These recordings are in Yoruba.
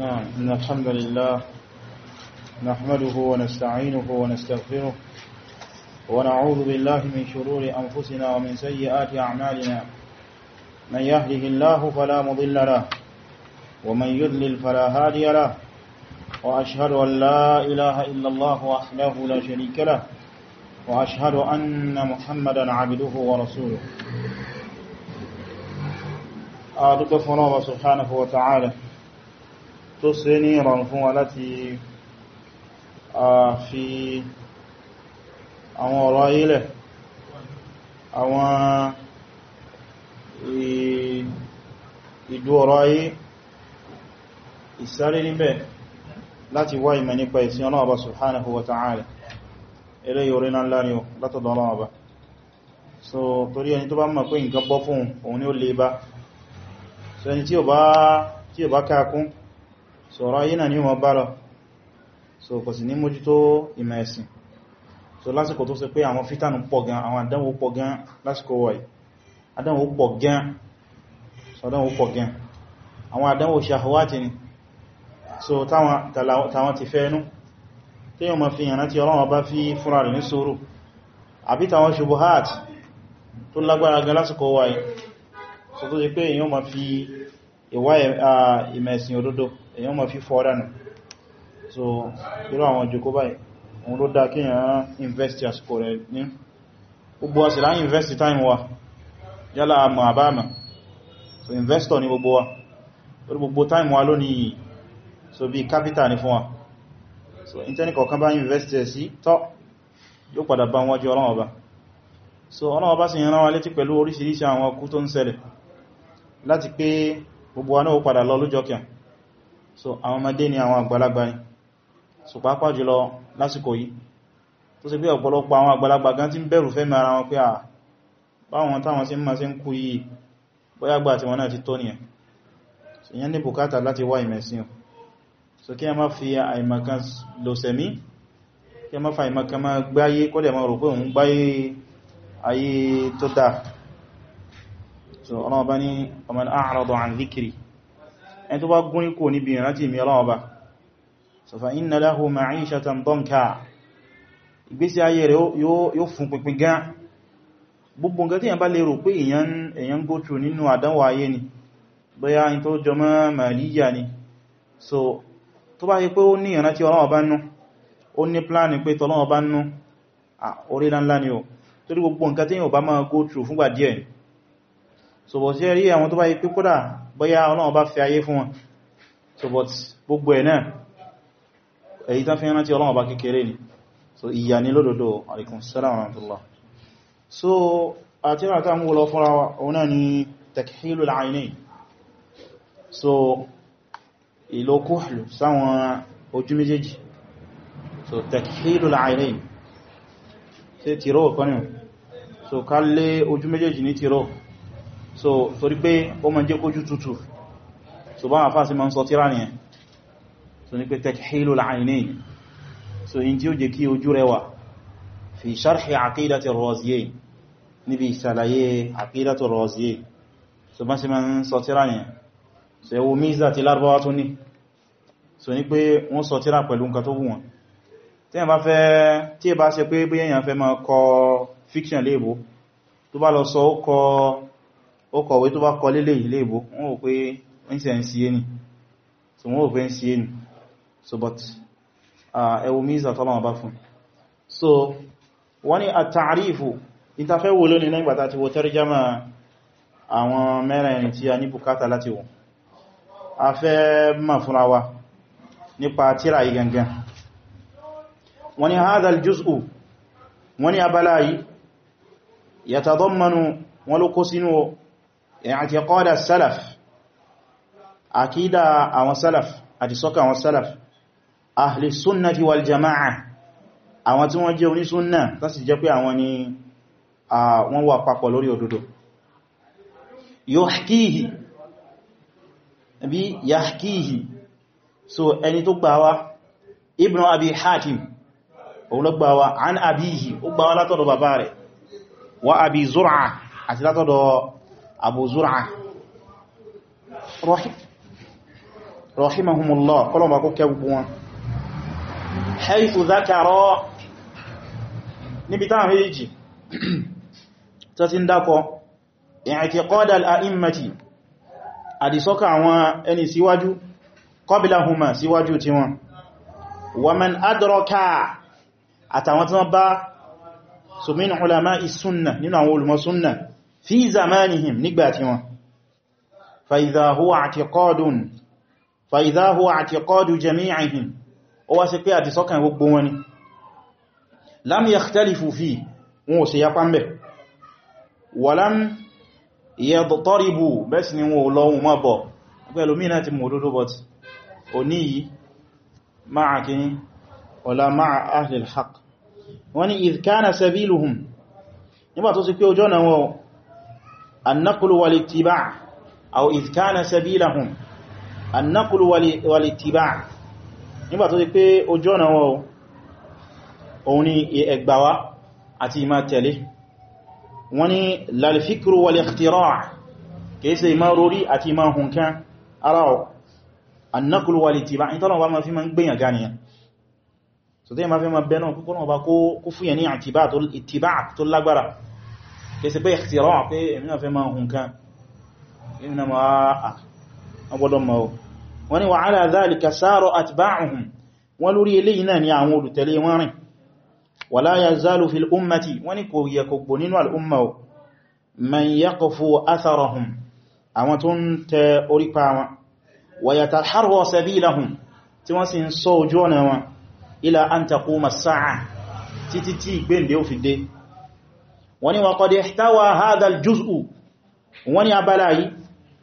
نعم إن الحمد لله نحمده ونستعينه ونستغفره ونعوذ بالله من شرور أنفسنا ومن سيئات أعمالنا من يهده الله فلا مضل له ومن يذلل فلا هادي له وأشهد أن لا إله إلا الله وحده لا شريك له وأشهد أن محمدا عبده ورسوله أعرض آه، فنوبة سبحانه وتعالى tó ṣe ní ìrọ̀rùn fún wa láti fi àwọn ọ̀rọ̀ ayélẹ̀ àwọn ìdú ọ̀rọ̀ ayé ìsáré níbẹ̀ láti wá ìmẹ̀ nípa ìsìn ọ̀nà ọba subhanahu wa ta'ala ilé yorí náà lárí o látọ̀dọ̀ ọba so torí ẹni tó bá mọ̀ pé nǹkan bọ́ fún òun ni ó le bá so ẹni tí ò bá kákún sọ̀rọ̀ ayé náà ní ọmọ bá lọ so kò sì ní mójútó ìmọ̀ ẹ̀sìn so lásìkò tó ṣe pé àwọn fítànù pọ̀ gan àwọn àdánwò pọ̀ gan lásìkò wọ̀nyí àdánwò pọ̀ gan àdánwò pọ̀ gan àwọn àdánwò ṣàhọ́wátì ni so táwọn ti fẹ́ ẹnu tí yíò ma fi yànà tí ọlọ́wọ́ bá fi fúnra rẹ̀ ní sóró àbí táwọn ṣubuhat tó lágbára gan lásìkò wáyé so tó ṣe pé yíò ma fi ìwá ìmẹ̀sìn òdodo èyàn ma fi fọ́ dánù so irú àwọn jùkú báyìí òun ló dá kí èyàn invest àsìkò rẹ̀ ní gbogbo àsìlá investi time wa yálà àmọ̀ àbámà so investor ni gbogbo wa lórí gbogbo time wa lónìí so bí capital ni fún wa so intẹ́nikọ̀ kan bá invest sí tọ́ yóò padà bá wájú ọlọ́run so ọlọ́run ọba sì yẹn rán wa létí pẹ̀lú oríṣiríṣi àwọn ọkú tó ń ṣẹlẹ̀ láti pé gbogbo wa náà padà lọ lójọ́ so àwọn ọmọdé ni àwọn àgbàlagbà ni so pàápàá jùlọ lásìkò yìí tó ṣe pé ọ̀pọ̀lọpọ̀ àwọn àgbàlagbà gan tí ń bẹ̀rù fẹ́ mara wọn pé à báwọn táwọn sí ń máa sí ń kú yìí bóyá gbà tí wọ́n náà ti tó nìyẹn so yẹn ní bùkátà láti wá ìmẹ̀sìn so kí a má fi àìmọ̀kan lòsẹ̀mí kí a má ẹni tó bá gúnrí kò níbi ìrántí ìmì ọlọ́wọ́ bá so fa inna lahu ma'ishatan danka ìgbésí ayé rẹ̀ yóò fún pínpín gan gbogbo nǹkan tí èyàn bá lè rò pé èyàn go through nínú àdánwò ayé ni bóyá in tó jọmọ́ màlíyà ni so tó bá yí pé ó ní ìrántí ọlọ́wọ́ bá nú ó ní pláàni pé tọ́lọ́wọ́ bá nú orílẹ̀-ńlá ni ó torí gbogbo nǹkan tí èyàn bá máa go through fúngbà díẹ̀ so bọ̀ sí ẹ̀rí àwọn tó bá yí pé kódà bóyá ọlọ́run bá fi ayé fún wọn so but gbogbo ẹ̀ náà èyí tán fi rántí ọlọ́run bá kékeré ni so ìyà ni lódòdó alaikum salam wa rahmatullah so àti ràtà mú lọ fọ́ra ọ̀nà ni ojú méjèèjì ní tìró so torí pé ó ma jẹ́ kójú tutù so bá wọn fà sí ma ń sọ tíra nìyẹn so ní pé takhilul aynayn so in tí ó jẹ́ kí ojú rẹwà fi sharhi aqidati ar-Raziyayn níbi ìsàlàyé aqidati ar-Raziyayn so bá sí ma ń sọ tíra nìyẹn so ẹwọ míza ti lárúbáwá tó ní so ní pé wọ́n sọ tíra pẹ̀lú nǹkan tó wù wọn tí ẹ bá fẹ́ tí ẹ bá ṣe pé bí fẹ́ ma kọ fiction léèbó tó bá lọ sọ ó kọ ó kọ̀wé tó bá kọ lélè ilé ìbò wọ́n wò pé ń ṣe ń síyé ni so wọ́n wò pé ń síyé ni so but ẹwù mísà tọ́lọ́wọ́ bá fún so wọ́n ni àtàrífù ìtafẹ́ wo lónìí nígbàtà ti wo tẹ́rìjámà àwọn mẹ́rin tí a ní bùkátà láti wọ́n a fẹ́ mọ̀ fúnra wa nípa tíra yìí gangan wọ́n ni hadha al-juz'u wọ́n ni abala yìí yatadammanu wọ́n ló kó sínú i'tiqad as-salaf àkídà àwọn salaf àti sọ́kà àwọn salaf ahli sunnati wal jama'a àwọn tí wọ́n jẹ́ onísúnnà tó sì jẹ́ pé àwọn ni wọ́n wà papọ̀ lórí òdodo yuhkihi so ẹni tó gbáwa ibn abi hatim òun ló gbáwa an abihi ó gbáwa látọ̀dọ̀ bàbá rẹ̀ wa abi zur'a àti látọ̀dọ̀ Abu Zur'a rahimahumullah kọlọ̀bà kó kẹ gbogbo wọn haythu dhakara níbi táwọn méjì tó ti ń dákọ i'tiqad al-a'immati àdìsọ́kà àwọn ẹni síwájú qablahuma síwájú tí wọn wa man adraka àtàwọn tí wọ́n bá so min ulama'i nínú àwọn olùmọ̀ fi zamanihim nígbàtí wọn fa idha huwa i'tiqadun fa idha huwa i'tiqadu jami'ihim ó wá sí pé àti sọ́kàn gbogbo wọn ni lam yakhtalifu fi wọn ò sí yapa ń bẹ̀ walam yadtaribu bẹ́ẹ̀ sì ni wọn ò lọ́wọ́ mọ́ bọ̀ pẹ̀lú mínà ti mọ̀ òdòdó bọ̀t òní yìí máa kìíní wala máa ahlil haq wani idh kana sabiluhum nígbà tó sì pé ojú ọ̀nà wọn النقل والاتباع أو إذ كان سبيلهم النقل والاتباع nígbà tó ti pé ojú ọ̀nà wọ́n òun ni ẹgbàwá àti ìmá tẹ̀lé wọ́n ni lalfikru wal ikhtira' kèése ìmá rórí àti ìmá hunkan ara ọ̀ annakul wal ittiba' ìtọ́nà bá ma fi ma ń gbìyàn ganiya so tí ma fi ma bẹ̀nà kúkúrò bá kó fúyẹ̀ ní àtibá tó lágbára kèsì pé ìtìrọ̀ pé èmi náà fẹ́ máa hùn kan èmi náà máa àgbọ́dọ̀ ma o wọ́n ni wa ala dhalika sāru atbā'uhum wọ́n lórí eléyìí náà ni àwọn olùtẹ̀lé wọn rìn wa lā yazālu fil ummati wọ́n ni kò yẹ kò wọ́n ni wọ́n kọ́dẹ̀ ihtawa hadal juz'u wọ́n ni abala yìí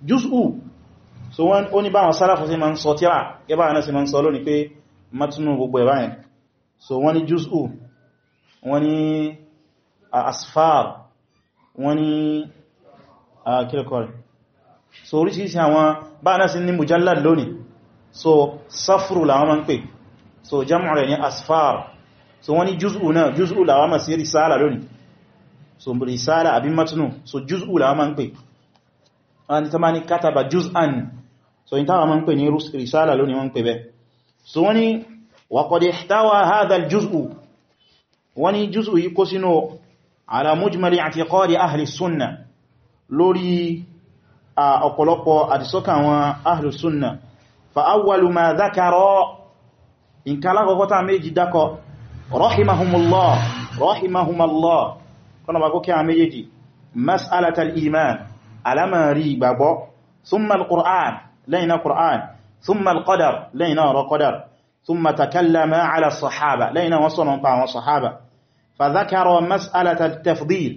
juz'u so wọ́n ó ní báwọn sálàfù sí ma ń sọ tíra ẹbá àná sí ma ń sọ lónìí pé matinu gbogbo ẹ̀bá yẹn so wọ́n ni juz'u wọ́n ni asfar wọ́n ni ah, kílẹ̀kọ́rẹ̀ so oríṣiríṣi àwọn bá náà sí safru làwọn ma ń so jam'u rẹ̀ ni asfar so wọ́n juz'u náà juz'u làwọn ma sí risala lónìí so risala àbí matinu so juz'u la ma ń pè wọ́n ta ma ní kataba juz'an so in ta ma ń pè ní risala lónìí wọ́n pè bẹ́ so wọ́n ni wa qad ihtawa hadha al-juz'u wọ́n juz'u yí kó sínú ala mujmali i'tiqadi ahli sunna lórí ọ̀pọ̀lọpọ̀ àdìsọ́kà àwọn ahli sunna fa awwalu ma dhakara in kala kọkọta méjì dákọ rahimahumullah rahimahumullah kọ́nà bá kó kí a méjèèjì mas'alatal iman alamari ìgbàgbọ́ thumma al-qur'an lẹ́yìn qur'an thumma al-qadar lẹ́yìn ọ̀rọ̀ qadar thumma takallama ala sahaba lẹ́yìn wọ́n sọ̀rọ̀ pa àwọn sahaba fa dhakara mas'alatal tafdil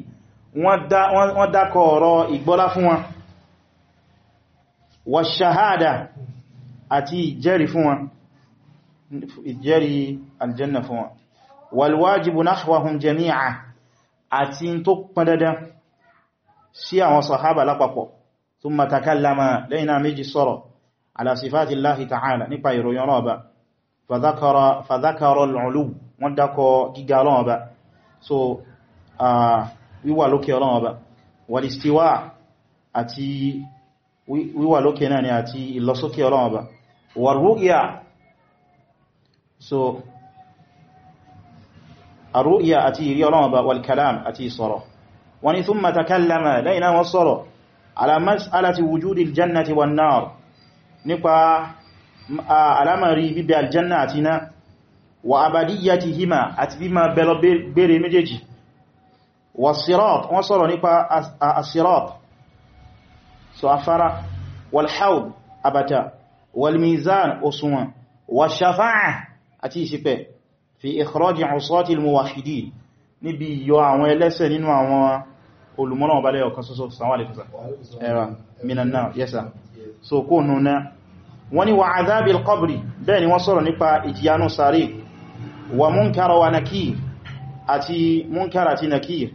wọ́n dákọ̀ ọ̀rọ̀ ìgbọ́lá fún wọn àti tó pọn dandan sí àwọn sàhábà lápapọ̀ thumma takallama lẹ́yìn náà méjì sọ̀rọ̀ ala sifati Allahi ta'ala nípa ìròyìn ọba fadhakara fadhakara al-ulu wọ́n dákọ gíga ọba so الرؤيا àti ìrí Ọlọ́run Ọba والكلام àti ìsọ̀rọ̀ wọ́n ní ثم تكلم lẹ́yìn wọ́n sọ̀rọ̀ على مسألة وجود الجنة والنار nípa alamari bíbẹ̀ aljanna àti iná wa abadiyyatihima àti bí ma bẹ̀lọ bèèrè méjèèjì wa sirat wọ́n sọ̀rọ̀ nípa asirat so afara walhaud abata walmizan osuwan wa shafa'a àti ìṣipẹ̀ fi ikhraj usati al-muwahhidin níbi yọ àwọn ẹlẹ́ṣẹ̀ nínú àwọn olùmọ́nà ọ̀bálẹ̀ ọ̀kan ṣoṣo sàwálẹ̀kùsà ẹ̀rà minanna yẹsà so kó nuna wọ́n ni wà adhabi al-qabri bẹ́ẹ̀ ni wọ́n sọ̀rọ̀ nípa ìjìyànú sàárè wà múnkara wà nakir àti múnkara àti nakir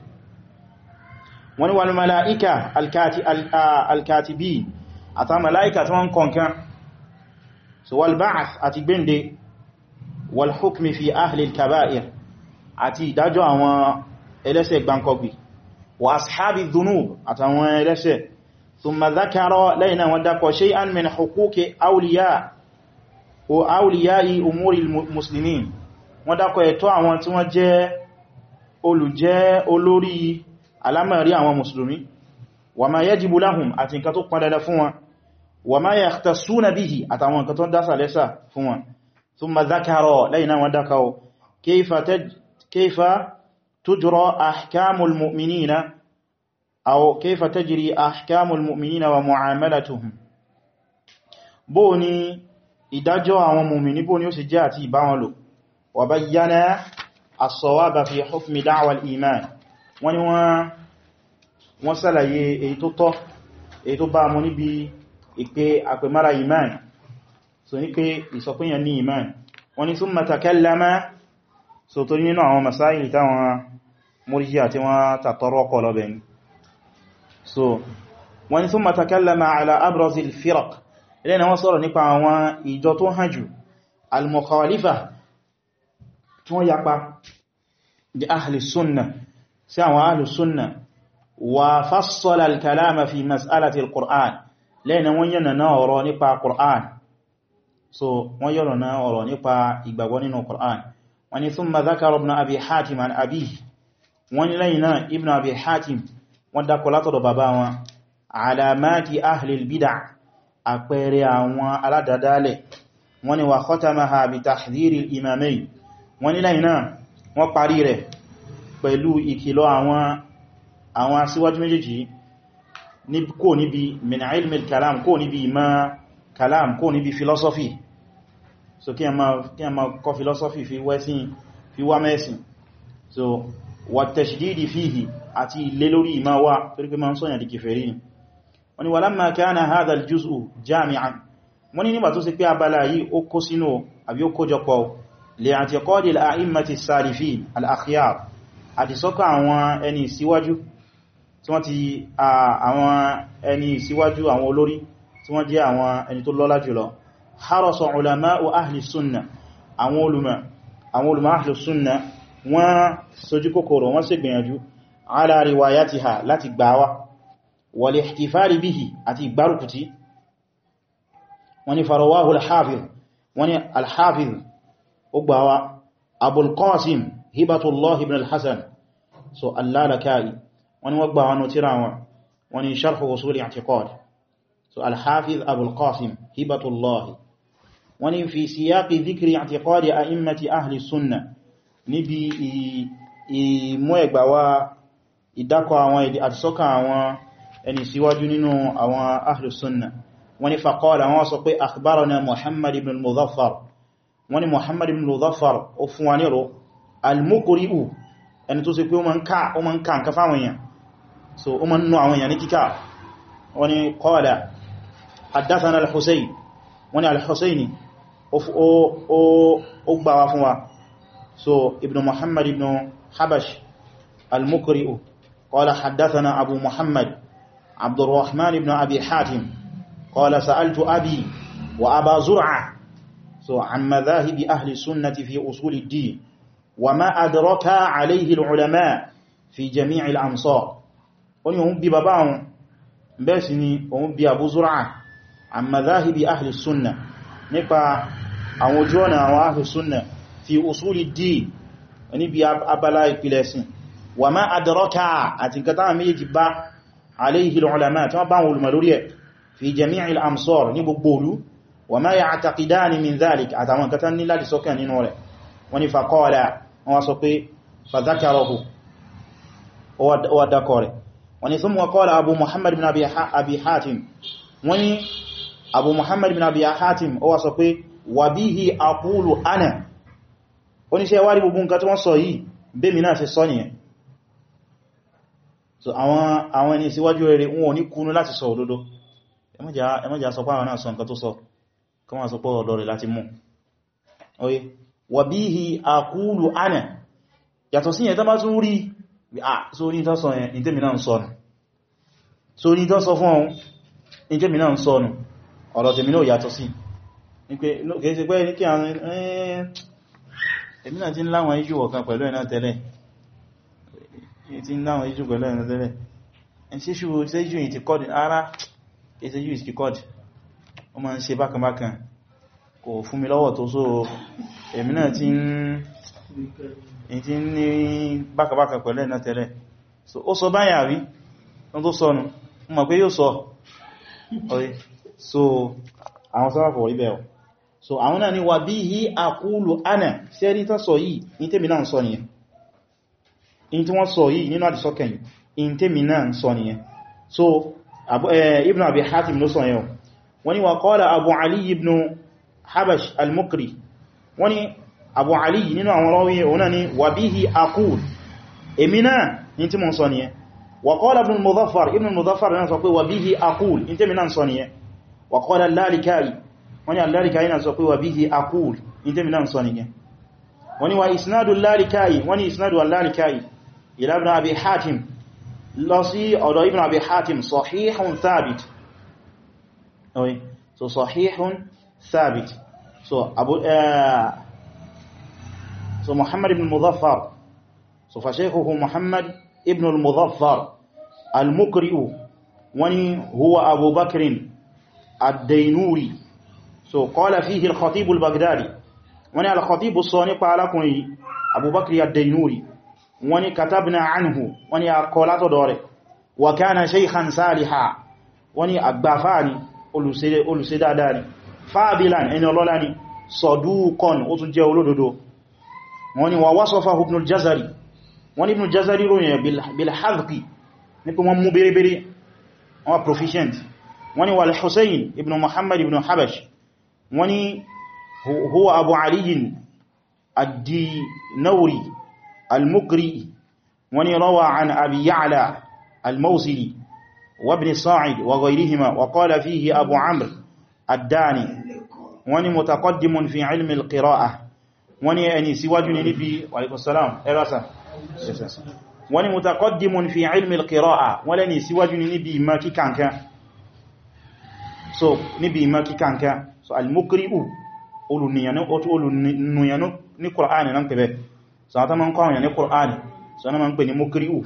wọ́n so wal ba'ath àti gbẹ́ndẹ̀ walhukmi fi ahli al-kaba'ir àti ìdájọ́ àwọn ẹlẹ́ṣẹ̀ gbankọgbì wa ashabi dhunub àtàwọn ẹlẹ́ṣẹ̀ thumma dhakara lẹ́yìn àwọn dákọ̀ shay'an min huquqi awliya o awliya'i umuri muslimin wọ́n dákọ̀ ẹ̀tọ́ àwọn tí wọ́n jẹ́ olùjẹ́ olórí alámẹ̀rí àwọn musulmi wa ma yajibu lahum àti nǹkan tó pọn dandan fún wọn wa ma yakhtassuna àtàwọn nǹkan tó dásà lẹ́sà fún wọn ثم ذكر لينا ودكوا كيف تج كيف تجرى أحكام المؤمنين أو كيف تجري أحكام المؤمنين ومعاملتهم بوني إدجوا ومؤمنين بوني وسجاتي بانلو وبين الصواب في حكم دعوى الإيمان ونوى وصل يتطف يتبع مني بإكي أكمل إيمان so ní pé ìsọpínyàn ní iman wọ́n ni thumma takallama so tó nínú àwọn masáyìí táwọn murji'a àti wọ́n tàtọrọ kọlọ̀bẹ̀ ni so wọ́n ni thumma takallama ala abrazil firaq ilẹ̀ na wọ́n sọ̀rọ̀ nípa àwọn ìjọ tó hàn jù al-mukhalifa tí wọ́n yapa di ahli sunna sí àwọn ahli sunna wa fassala al-kalama fi mas'alati al-qur'an lẹ́yìn wọ́n yẹ̀nà náà ọ̀rọ̀ nípa qur'an so wọ́n yọ̀rọ̀ náà ọ̀rọ̀ nípa ìgbàgbọ́ nínú Qur'an wọ́n ni thumma dhakara ibn abi hatim an abi wọ́n ni lẹ́yìn náà ibn abi hatim wọ́n dákọ̀ látọ̀dọ̀ bàbá wọn alamati ahlil bida àpẹẹrẹ àwọn aládàdálẹ̀ wọ́n ni wà khatamaha bi tahdhiril imamay wọ́n ni lẹ́yìn náà wọ́n parí rẹ̀ pẹ̀lú ìkìlọ̀ àwọn àwọn aṣíwájú méjèèjì kò níbi min ilmi kalam kò níbi máa kalam kó níbi philosophy so kí a ma kọ́ philosophy fi wẹ́sìn fi wá mẹ́sìn so wàtẹ̀ṣìdìdì fíhì àti ilé lórí ìmá wá torí pé ma ń sọ́yàn di kèfèrí ni wọ́n ni walamma kana hadha al-juz'u jami'an wọ́n ni nígbà tó sì pé abala yìí ó kó sínú àbí ó kójọpọ̀ li'atiqadi al-a'immati as-salifin al-akhyar àti sọ́kọ̀ tí wọ́n jẹ́ àwọn ẹni tó lọ́lá jùlọ harasa ulama'u ahli sunna àwọn ulama àwọn ulama ahli sunna wọ́n sojú kòkòrò wọ́n sì gbìyànjú ala riwayatiha láti gbáwa wal ihtifali bihi àti ìgbárùkùtí wọ́n ni farawahu al-hafiz wọ́n ni al-hafiz ó gbáwa abul sharhu usuli i'tiqad so alhafiz abul qasim hibatullahi wọ́n ní fi siyaqi dhikri i'tiqadi a'immati ahli sunna níbi ìmú ẹgbà wa ìdákọ̀ àwọn ìdí àti sọ́kà àwọn ẹni síwájú nínú àwọn ahli sunna wọ́n ní faqala wọ́n sọ pé akhbarana muhammad ibn al-muzaffar wọ́n ní muhammad ibn al-muzaffar ó fún wa nírò al-muqri'u ẹni tó sì pé ó ma ń ká haddathana al-husayn wọ́n ni al-husayni ó gbáwa fún wa so ibn muhammad ibn habash al-mukri'u qala haddathana abu muhammad abdurrahman ibn abi hatim qala sa'altu abi wa aba zur'a so an madhahibi ahli sunnati fi usul ad-din wa ma adraka alayhi al-ulama fi jami' al-amsar wọ́n ni òun bí bàbá òun bẹ́ẹ̀ sì ni òun bí abu zur'a an madhahibi ahli sunna nípa àwọn ojú ọ̀nà àwọn ahli sunna fi usuli din níbi abala ìpìlẹ̀ sin wa ma adraka àti nǹkan táwọn méjèèjì bá alayhi al-ulama tí wọ́n bá wọn olùmọ̀ lórí ẹ̀ fi jami'il amsar ní gbogbo olú wa ma ya'taqidani min dhalik àtàwọn nǹkan tán ní láti sọ́kàn ni faqala wọ́n wá abu muhammad bin abi hatim wọ́n ni abu muhammad bin abi hatim ó wá sọ pé wà bihi aqulu ana oníṣẹ́ wárí gbogbo nǹkan tí wọ́n sọ yìí bẹ́mi náà ṣe sọ nìyẹn so àwọn ẹni síwájú rere wọn ò ní kúnú láti sọ òdodo ẹmọ́jà sọ pàwọn náà sọ nǹkan tó sọ kọmọ̀ sọ pọ̀ ọ̀dọ̀ rẹ̀ láti mú oye wà bihi aqulu ana yàtọ̀ sí yẹn tó bá tún rí sórí tó sọ yẹn ìtẹ́mi ọ̀rọ̀ tèmi náà yàtọ̀ sí kèèsì pé ní kí a eh, èmi náà ti ń láwọn iṣu ọ̀kan pẹ̀lú ẹ̀nà tẹ́lẹ̀ ti ń láwọn iṣu pẹ̀lú ẹ̀nà tẹ́lẹ̀ ṣíṣù ṣíṣù yìí ti kọ́dì ara kèèsì yìí ti kọ́dì ó o ń ṣe bákan bákan kò fún mi lọ́wọ́ tó só èmi náà ti ń ní bákan bákan pẹ̀lú ẹ̀nà tẹ́lẹ̀ ó sọ báyà rí tó sọnù mo mọ̀ pé yóò sọ ọ̀rẹ́ so àwọn sáràfọ̀ orí bẹ̀rọ so àwọn náà ni wà bí i àkúlù ana sẹ́rí tán sọ yìí ní tèmi náà sọ nìyẹn in tí wọ́n sọ yìí nínú àdìsọ́kẹ̀yìn in tèmi náà sọ so eh, ibn abi hatim ló sọ yẹn abu ali ibn habash al-mukri wọ́n abu ali nínú àwọn rọ́wí òun náà ni wà bí i nìyẹn wà ibn muzaffar ibn muzaffar náà sọ pé wà bí i àkúlù in tèmi náà sọ nìyẹn wa qala al-Lalikai wọ́n ní al-Lalikai náà sọ pé wa bihi aqul in tẹ́mi náà sọ nìyẹn wọ́n ní wa isnadu al-Lalikai wọ́n ní isnadu al-Lalikai ila ibn abi hatim lọ sí ọ̀dọ̀ ibn abi hatim sahihun thabit eh, wani huwa abu الدينوري so قال فيه الخطيب البغدادي وني الخطيب الصوني قالكني أبو بكر الدينوري وني كتبنا عنه وني أقولات دوري وكان شيخا صالحا وني أقبافاني olùsídáadáni fábílán ẹni ọlọ́lá ni sọ̀dúkọ́n ó tún jẹ́ olódodo wọ́n ni wà wásọ́fà ibnul jazari wọ́n ni ibnul jazari ròyìn bilhazki ní pé wọ́n mú bèrèbèrè wọ́n proficient wani wal hussein ibn muhammad ibn habash wani huwa abu aliyin addinauri al-mukri wani rawa an abi ya'la al-mausili وابن صاعد وغيرهما وقال فيه أبو عمرو الداني وني متقدم في علم القراءة وني أني سواجني في وعليكم السلام إراسا وني متقدم في علم القراءة ولني سواجني في ما كي كان كان so níbi ìmọ̀ kíkà nǹkan so al-muqri'u olùnìyànú ní Kùránì náà pẹ̀lẹ̀ so àwọn tánmà ń kọ́ àwọn ní Kùránì so wọ́n ma ń pè ní muqri'u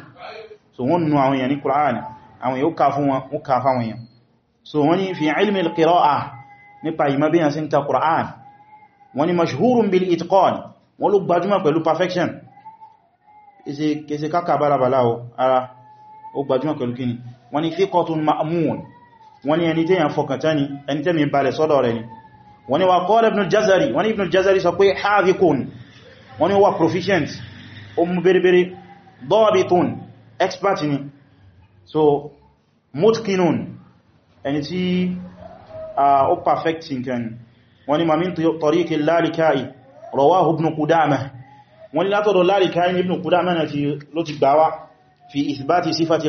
so wọ́n nù àwọn èèyàn ní Kùránì àwọn èèyàn ó ká wọn ó ká fáwọn so wọ́n ni fi ilmi al-qira'a nípa ìmọ̀ bí yàn sí ń ka Kùránì wọ́n ni perfection kese kaka balabala o ara ó gbajúmọ̀ pẹ̀lú kíni wọ́n ni thiqatun ma'mun wọ́n ní ẹni tẹ́yàn fọkàntán ni ẹni tẹ́mi balẹ̀ sọ́dọ̀ rẹ̀ ni wọ́n ní wa qala ibn al-jazari wọ́n ní ibn al-jazari sọ pé havikun wọ́n ní wa proficient o mú bèrèbèrè expert ni so mutkinun ẹni tí ó perfect nǹkan wọ́n ní mamin tariqi lalikai rawahu ibn qudama wọ́n ní látọ̀dọ̀ lalikai ibn qudama ló ti gbáwa fi ithbati sifati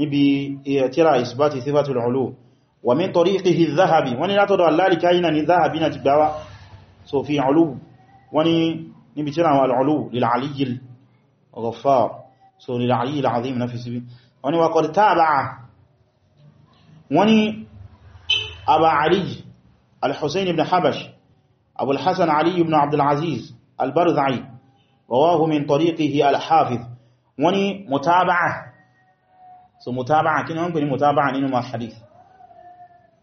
نبي ترى إثبات صفة العلو ومن طريقه الذهبي وني لا تدعى الله لكينا الذهبي نتبعوا سو في علو وني نبي ترى العلو للعلي الغفار سو للعلي العظيم نفسه وني وقد تابع وني أبا علي الحسين بن حبش أبو الحسن علي بن عبد العزيز البرذعي رواه من طريقه الحافظ وني متابعه so mutaba'a kí ni wọ́n pè ní mutaba'a nínú ma hadith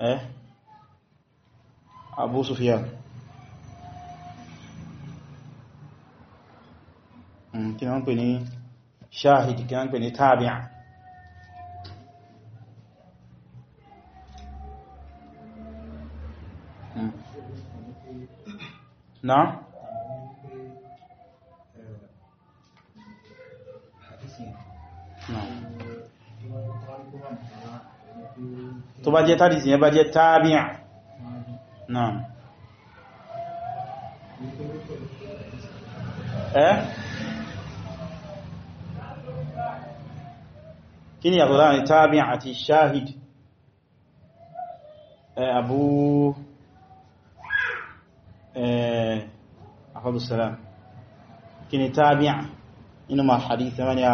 eh Abu Sufyan hmm, kí ni wọ́n pè ní shahid kí ni wọ́n pè ní tabi'a hmm. na tó bá jẹ́ tàbí yẹn bá jẹ́ tàbíà náà ẹ́ kí ni àtọ̀lá ní tàbíà àti shahid ẹ abu ẹ afọ́bùsàlá kí ni tàbíà inú ma hadith wani a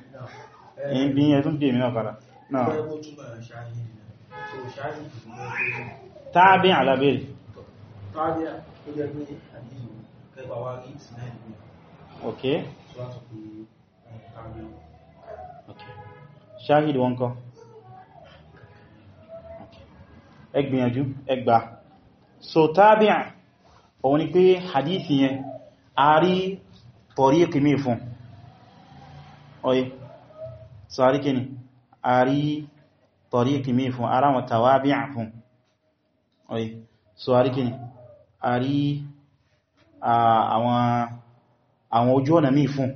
ẹ̀yìn bí ẹ̀ tún bí èmì náà padà náà tàbí alábẹ́rẹ̀ ok ṣáhìdì wọn kọ́ ẹgbìyànjú ẹgbà so tàbí òun ni pé hadithi yẹn a rí tọ̀rí ìkìmí fún ọyí so a rí kíni a rí tọ̀ríkì mí fún ara wọn tàwábíà fún oye so a rí kíni a rí àwọn ojú ọ̀nà mí fún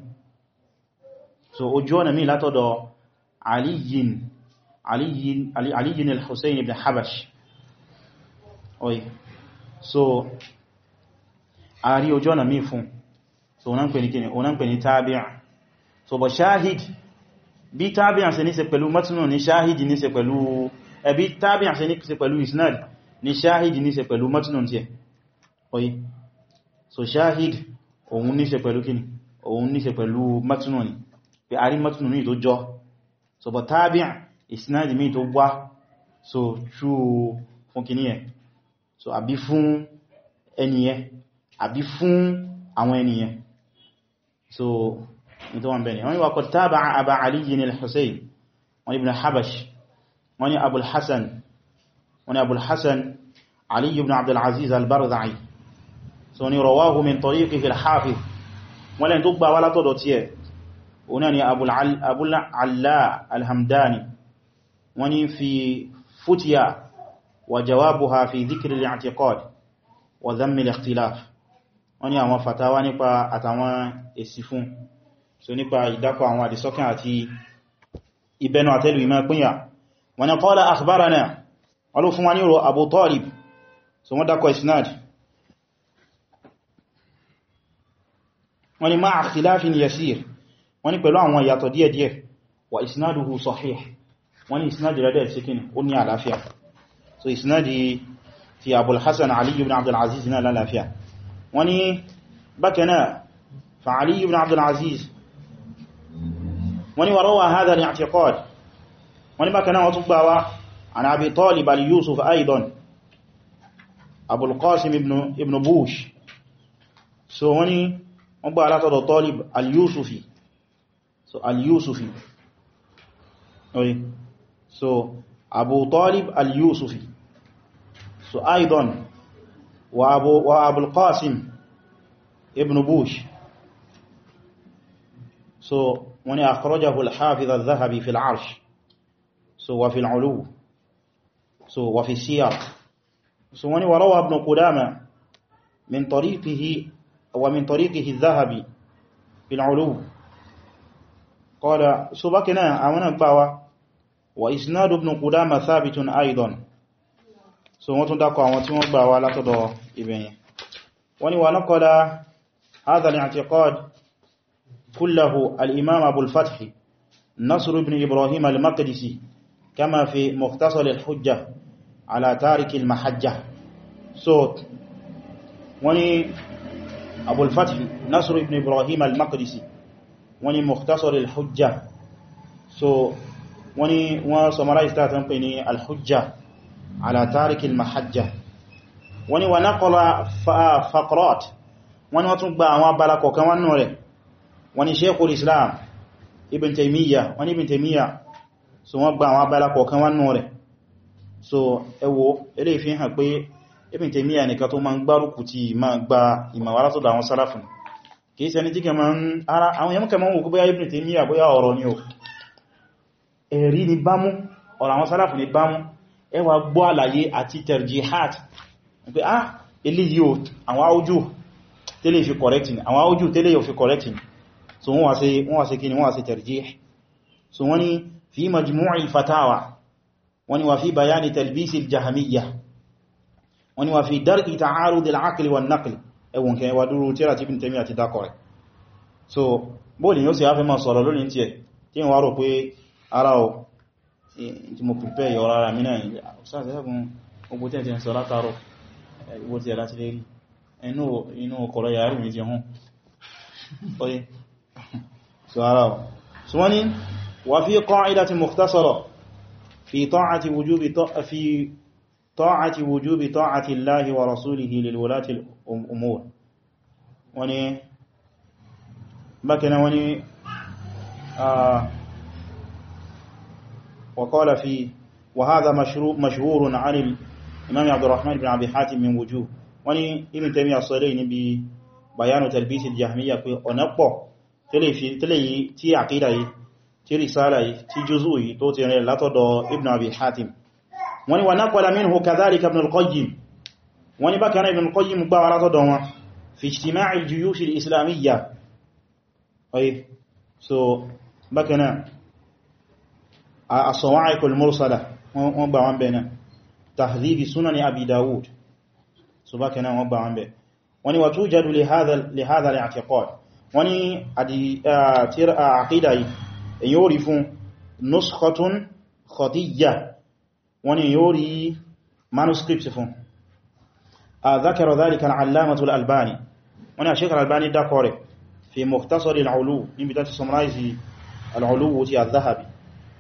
so ojú ọ̀nà mí látọ̀dọ̀ aliyin aliyin aliyin al-hussein ibn habash oye so a rí ojú ọ̀nà mí fún so onan pè pè ní tàbíà so bọ̀ shahid bí tábíyàn ṣe ní ṣe pẹ̀lú matinu ní ṣáhìdì ní ṣe pẹ̀lú ẹbí eh, tábíyàn ṣe ní ṣe pẹ̀lú isnad ní ṣáhìdì ní ṣe pẹ̀lú matinu tí ẹ oye so ṣáhìdì òun ní ṣe pẹ̀lú kíni òun ní ṣe pẹ̀lú matinu ni pé a rí ní tó jọ so bọ̀ tábíyàn isnad mi tó wá so ṣú fún kíní ẹ so àbí fún ẹniyẹ àbí fún àwọn ẹniyẹ so ní tó wọ́n bẹ̀rẹ̀ wọ́n ni wà kọ̀ tábà àbà aliyin al-hussein wọ́n ibn habash wọ́n ni abul hassan wọ́n ni abul hassan ali ibn abdulaziz al-barza'i so ni rawahu min tariqi fil hafiz wọ́n lẹ́n tó gbà wá látọ̀dọ̀ tí ẹ̀ òun ni abul alla alhamdani wọ́n ni fi fútíyà wa jawabuha fi dhikri al wa dhammi ikhtilaf wọ́n ni àwọn fatawa nípa àtàwọn èsì fún so nípa ìdákọ̀ àwọn àdìsọ́kàn àti ìbẹnu àtẹ́lù ìmọ̀ pínyà wọn ni qala akhbarana wọn ló fún wa ní ọ̀rọ̀ Abu Talib so wọ́n dákọ̀ isnad wọ́n ni ma'a ikhtilafin yasir wọ́n ni pẹ̀lú àwọn ìyàtọ̀ díẹ̀díẹ̀ wa isnaduhu sahih wọ́n ni isnad rẹ̀ dẹ̀ síkín ó ní àlàáfíà so isnad ti Abul Hasan Ali ibn Abdul wọ́n ní wàrọ́wà hádà ní àtẹ́kọ́d wọ́n ní bá kanáà wọ́n tún gbà wá an abi talib al yusuf aidan abul qasim ibn ibn bush so wọ́n ní wọ́n gbà látọ̀dọ̀ talib al yusufi so al yusufi oye so abu talib al yusufi so aidan wa abu wa abul qasim ibn bush so wọ́n ni akhrajahu al-hafiz al-dhahabi fi al-arsh so wa fi al-ulu so wa fi siyar so wọ́n ni wa rawa ibn qudama min tariqihi wa min tariqihi al-dhahabi fi al-ulu qala so bakina àwọn gbawa wa isnadu ibn qudama thabitun aidan so wọ́n tún dákọ̀ àwọn tí wọ́n gbawa látọ̀dọ̀ ibẹ̀yẹn wọ́n ni wa naqala hadha al-i'tiqad كله الإمام أبو الفتح نصر بن إبراهيم المقدسي كما في مختصر الحجة على تارك المحجة صوت وني أبو الفتح نصر بن إبراهيم المقدسي وني مختصر الحجة so wani wọn summarize ta tan pè ní alhujja ala tarikil mahajja wani wa naqala faqrat wani wọ́n tún gba àwọn abala kọ̀kan wọn wọ́n ní sheikhul islam ibn taimiyya wọ́n ní ibn taimiyya so wọ́n gba àwọn abala kọ̀ọ̀kan wọ́n nù rẹ̀ so ẹwọ ilé ìfi hàn pé ibn taimiyya nìkan tó ma ń gbárùkù ti ma gba ìmọ̀wà látọ̀dọ̀ àwọn sálàfún kìí sẹni tí kẹma ń ara àwọn yẹmú kẹma ń wò bóyá ibn taimiyya bóyá ọ̀rọ̀ ni o ẹ̀rí ni bámú ah, fi correcting àwọn áójú tẹ́lẹ̀ yóò fi correcting so wọ́n wá ṣe wọ́n wá ṣe kíni wọ́n wá ṣe tarjih so wọ́n ní fi majmu'il fatawa wọ́n ní wà fi bayani talbisil jahamiyya wọ́n ní wà fi dar'i ta'arud al-aql wa an-naql ẹwọ̀n kẹ́ wà dúró tíra tí Ibn Taymiyyah àti dákọrẹ̀ so bóòlì yóò sì á fẹ́ máa sọ̀rọ̀ lónìí tí ẹ̀ so ara o so wọ́n ni wà fi qa'idati mukhtasara fi ta'ati wujubi fi ta'ati wujubi ta'ati Allahi wa rasulihi lil wulati al umur wọ́n ni bákaná wọ́n ni وقال في وهذا مشهور عن الإمام عبد الرحمن بن عبد حاتم من وجوه وني ابن تيمية الصليين ببيان تلبيس الجهمية ونبه tẹ́lẹ̀ yìí tí àkídà yìí tí risala yìí tí jùzú yìí tó ti rẹ̀ látọ̀dọ̀ ibn abi hatim wọ́n ní wa naqala minhu kadhalika ibn al-qayyim wọ́n ní bákan ibn al gbá wa látọ̀dọ̀ wọn fi ijtima'i al so bákan a sawa'iq al-mursala wọ́n gbà wọn bẹ̀ náà tahdhibi sunani so bákan wọ́n gbà wọn bẹ̀ wọ́n ní wa tujadu li wọ́n ní àkídà èyí ó rí fún nuskhatun khadiyya wọ́n ní èyí ó rí manuscript fún ذكر ذلك العلامة الألباني wọ́n ní Sheikh al-Albani dákọ̀ rẹ̀ في مختصر العلو نبتات سمرايزي العلو تي الذهبي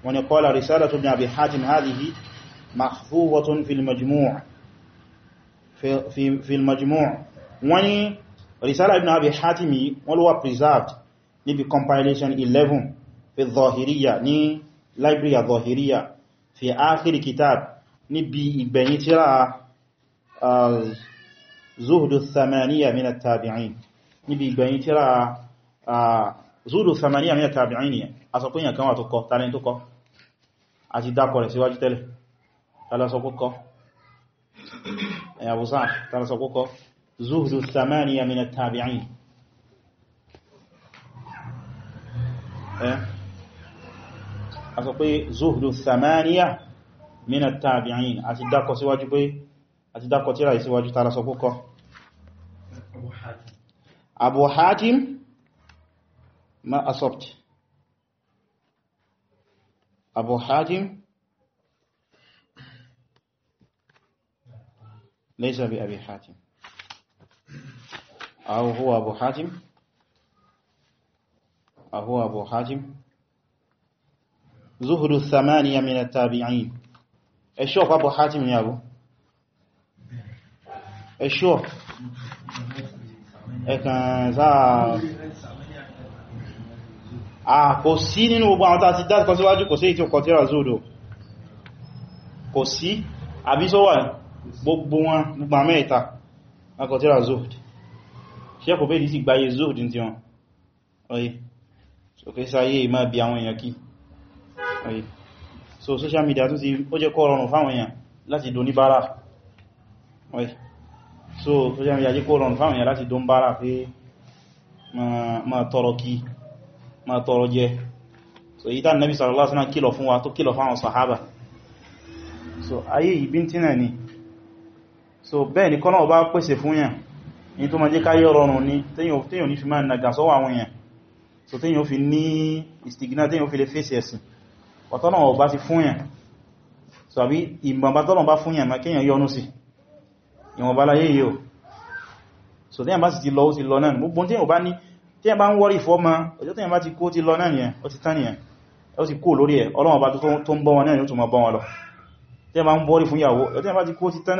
ونقال رسالة ابن أبي حاتم هذه محفوظة في المجموع في, في, في المجموع وني risala ibn abi hatimi wọ́n ló wà preserved níbi compilation 11 fi zahiriya ní library zahiriya fi akhir kitab níbi ìgbẹ̀yìn tírà uh, zuhudu thamaniya mina tabi'in níbi ìgbẹ̀yìn tírà uh, zuhudu thamaniya mina tabi'in ni a sọ kúnyà kan wà tó kọ tàrin tó kọ àti dákọ̀ rẹ̀ síwájú tẹ́lẹ̀ tàlásọ kókọ ẹ̀yàwó sáà tàlásọ kókọ زهد الثمانية من التابعين أتقول زهد الثمانية من التابعين أتدقى سواجب أتدقى تلعي سواجب تعالى سبوك أبو حاتم ما أصبت أبو حاتم ليس بأبي حاتم أو هو أبو حاتم أو هو أبو حاتم زهد الثمانية من التابعين الشوف أبو حاتم يا أبو الشوف ẹ̀kàn sáà kò sí nínú gbogbo àwọn tàbí dákọ̀ síwájú kò sí èyí tí ó kọtíra zúdò kò sẹ́kù bẹ́ẹ̀ sí gbáyé zood tí wọn oye so kẹ́ sáyé ìmá bí àwọn èèyàn kí oye so social media tún ti ó jẹ́ kó rọrùn fáwọn èèyàn láti do ní bára oye so social media jẹ́ kó rọrùn fáwọn èèyàn láti do ní bára pé ma tọrọ kí ma tọrọ jẹ so yí tán nabi sallallahu alaihi wasallam kìlọ̀ fún wa tó kìlọ̀ fáwọn sahaba so ayé ìbíntín náà ni so bẹ́ẹ̀ ni kọ́nà ọba pèsè fún yàn ní tó ma jẹ́ káyọ̀ rọrùn ní téyàn ní fi máa nàgà sọ́wọ́ àwọn èèyàn so téyàn fi ní ìsìgìná téyàn fi lè fèsì ẹ̀sìn ọ̀tọ́nà ọba ti fún yàn so àbí ìmọ̀bá tọ́nà bá fún yàn ma kéyàn yọnú sí ìwọ̀nba láyé yíò so téyàn bá sì ti lọ ó ti lọ náà gbogbo téyàn bá ní téyàn bá ń wọ́rí fọ́mọ ọjọ́ téyàn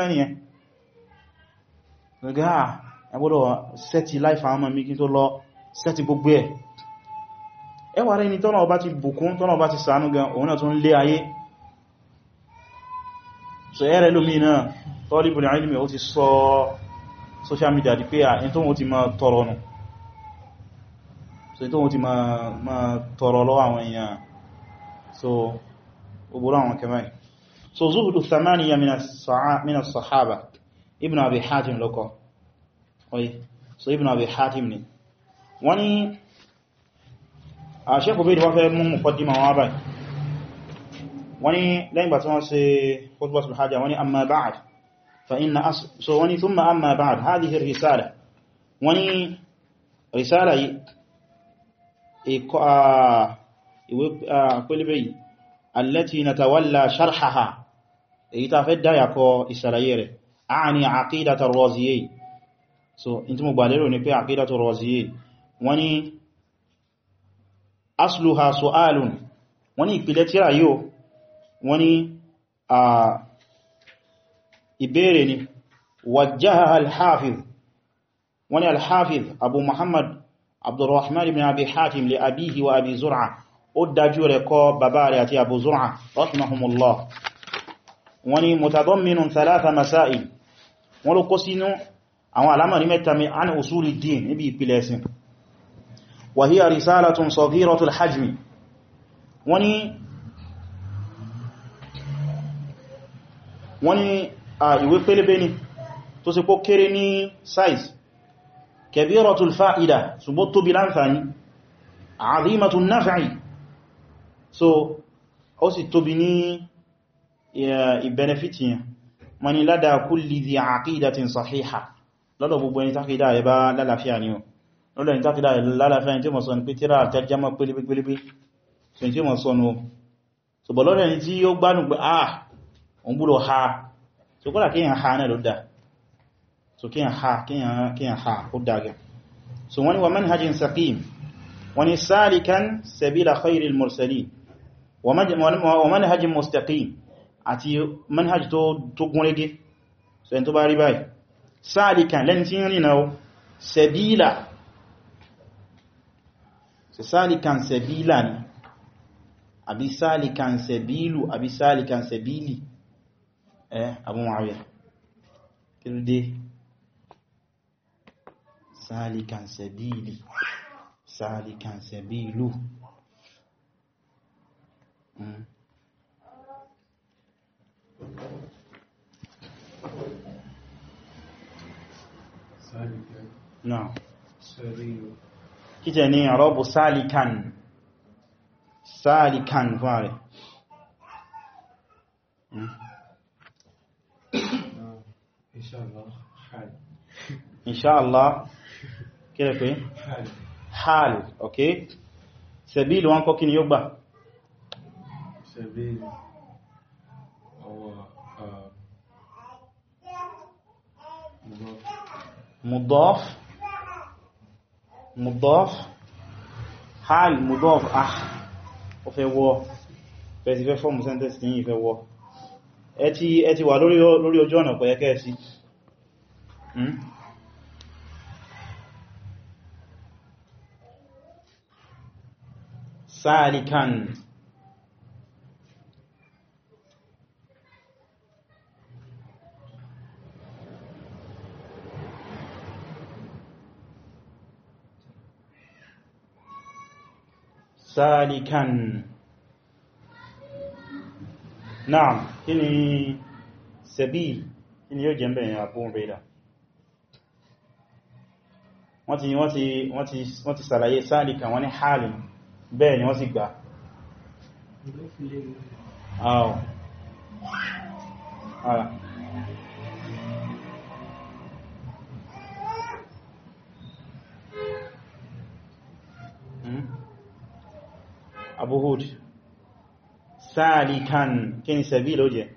bá ni ó agbọ́dọ̀ sẹ́ti láìfà àmà mi kí tó lọ sẹ́ti gbogbo ẹ̀ ẹwà rẹ̀ ni tọ́nà ọba ti bùkún tọ́nà ọba ti ṣàánú gan òun náà tó ń lé ayé so ẹ̀rẹ̀ lómi náà tọ́líbùn ilmi ó ti sọ social media di pé ibn abi hajim lọ́kọ̀ọ́ ọ̀yẹ́ so ibn abi hatim ni wọ́n ni àṣẹ́kù bí wọ́n fẹ́ mú muqaddima wọn báyìí wọ́n ni lẹ́yìn bá tí wọ́n ṣe khutbatul hajjá wọ́n ni amma ba'd fa inna as so wọ́n ni thumma amma ba'd hadhihi risala wọ́n ni risala yìí ìwé pẹ́lẹ́bẹ̀ yìí allati natawalla sharhaha èyí ta fẹ́ dáyàkọ ìsàlàyé rẹ̀ àà ni aqidata ar-raziyayn so in tí mo gbà lérò ní pé aqidatu Raziyayn wọ́n ní asluha su'alun wọ́n ní ìpìlẹ̀ tíra yóò wọ́n ní a ìbéèrè ni wajjaha al-Hafiz wọ́n ní al-Hafiz Abu Muhammad Abdurrahman ibn Abi Hatim li abihi wa Abi Zur'a ó dájú rẹ̀ kọ bàbá rẹ̀ àti Abu Zur'a rahimahumullah wọ́n mutadamminun thalatha masail wọ́n ló kó àwọn alamari mẹ́ta mi an usuli din níbi ìpìlẹ̀ ẹ̀sìn wa hiya risalatun saghiratul hajmi wọ́n ni wọ́n ni a ìwé pélébé ni tó sì kó kéré ní size kabiratul fa'ida ṣùgbọ́n tóbi láǹfàní azimatun naf'i so ó sì tóbi ní ìbẹnefìtì yẹn wọ́n ni ládàá kulli sahiha lọ́dọ̀ gbogbo ẹni tákídà rẹ̀ bá lálàáfíà ni o lọ́dọ̀ ẹni tákídà rẹ̀ lálàáfíà ẹni tí ó mọ̀ sọ́nù pé tíra àtẹ́jámọ́ pélépélépé so ẹni tí ó mọ̀ sọ́nù o so bọ̀ lọ́dọ̀ ẹni tí ó gbánù pé ah òun gbúrò ha so kọ́lá kíyàn ha náà ló dá so kíyàn ha kíyàn ha ó dá gẹ so wọ́n ni wa manhajin saqim wọ́n ni salikan sabila khairil mursalin wa manhajin mustaqim àti manhaj tó gúnrégé so ẹni tó bá rí báyìí sáàlìkàn lẹ́ni tí ń rìnà o sẹ̀bílà sáàlìkàn sẹ̀bílà ni àbí sáàlìkàn sẹ̀bílù àbí sáàlìkàn sẹ̀bílì ẹ Abu Muawiya kí ló dé sáàlìkàn sẹ̀bílì sáàlìkàn sẹ̀bílù Mm. Thank you kíjẹ ní àrọ́bù sáàlìkan sáàlìkan fún ààrẹ inṣáàlá kílẹ̀ pé hal ok sẹ̀bílù wọn kọ́ kí ni yóò gbà sẹ̀bílù ọwọ́ مضاف مضاف حال مضاف أح وفي وو bẹ̀sí fẹ́ fọ́mù sẹ́ntẹ́sì tí yìí fẹ́ wọ́ ẹ ti wà lórí ojú ọ̀nà pẹ̀yẹ kẹ́ẹ̀sí hmm? sáàríkàn sáàlìkàn náà kí ni sẹ̀bí kí ni yóò jẹ́ mẹ́rin àbúrún rẹ̀dà wọ́n ti wọ́n ti wọ́n ti wọ́n ti sàlàyé sáàlìkàn wọ́n ní hálì bẹ́ẹ̀ ni wọ́n sì gbà ààrùn Abu Hud sáàlìkan kí ni sẹ̀bí ló jẹ́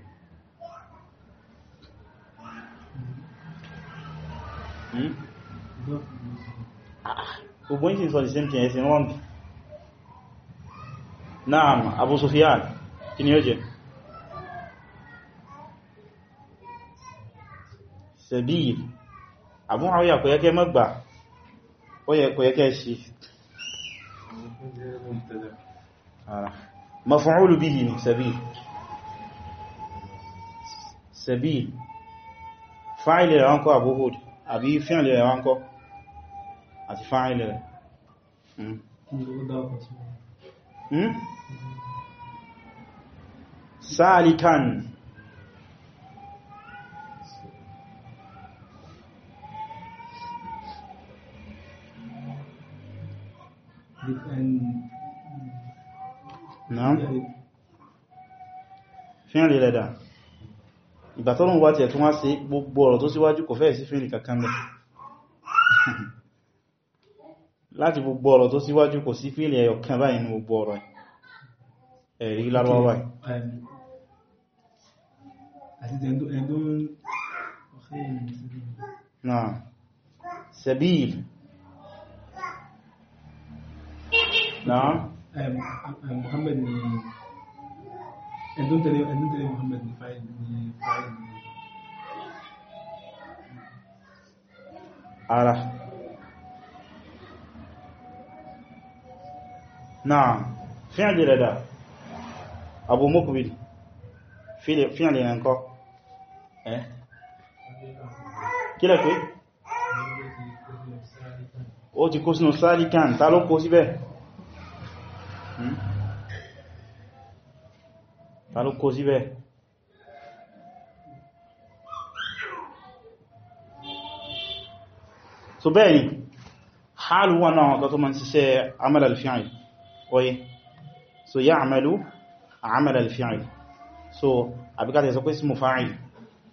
hmm? ah, gbogbo yìí sọ the same thing ẹ̀sìn wọ́n bí naam Abu Sufyan kí ni ó jẹ́ sẹ̀bí Abu Hawya mọ́gbà ó yẹ kò sí maf'ulu bihi ni sabil sabil fa'il rẹ̀ wọ́n kọ́ Abu Hud àbí fi'il rẹ̀ wọ́n kọ́ àti fa'il rẹ̀ hmm. Hmm? salikan Different náà fíìrì lẹ́dà ìgbà tọ́lọ́run wá tiẹ̀ tún wá sí gbogbo ọ̀rọ̀ tó síwájú kò fẹ́ẹ̀ sí fíìrì kankan lẹ́ láti gbogbo ọ̀rọ̀ tó síwájú kò sí fíìrì ẹyọ kan báyìí ní gbogbo ọ̀rọ̀ ẹ̀rí lárọ́wọ́ báyìí um, Muhammad ni ẹ̀dún tẹ̀lé ẹ̀dún tẹ̀lé Muhammad ni fáìl ni fáìl ni ara náà fíàlì rẹ̀ dà abu mokubili fíàlì rẹ̀ ǹkọ́ ẹ́ kílẹ̀ pé ó ti kó sínú sáàlì kan tá ló kó síbẹ̀ ta ló kó síbẹ̀ so bẹ́ẹ̀ ni hálù wà náà ọ̀gá tó ma ń ṣiṣẹ́ amal al-fi'l oye so ya'malu amal al-fi'l so àbíkàtẹ̀ sọ pé ismu fa'il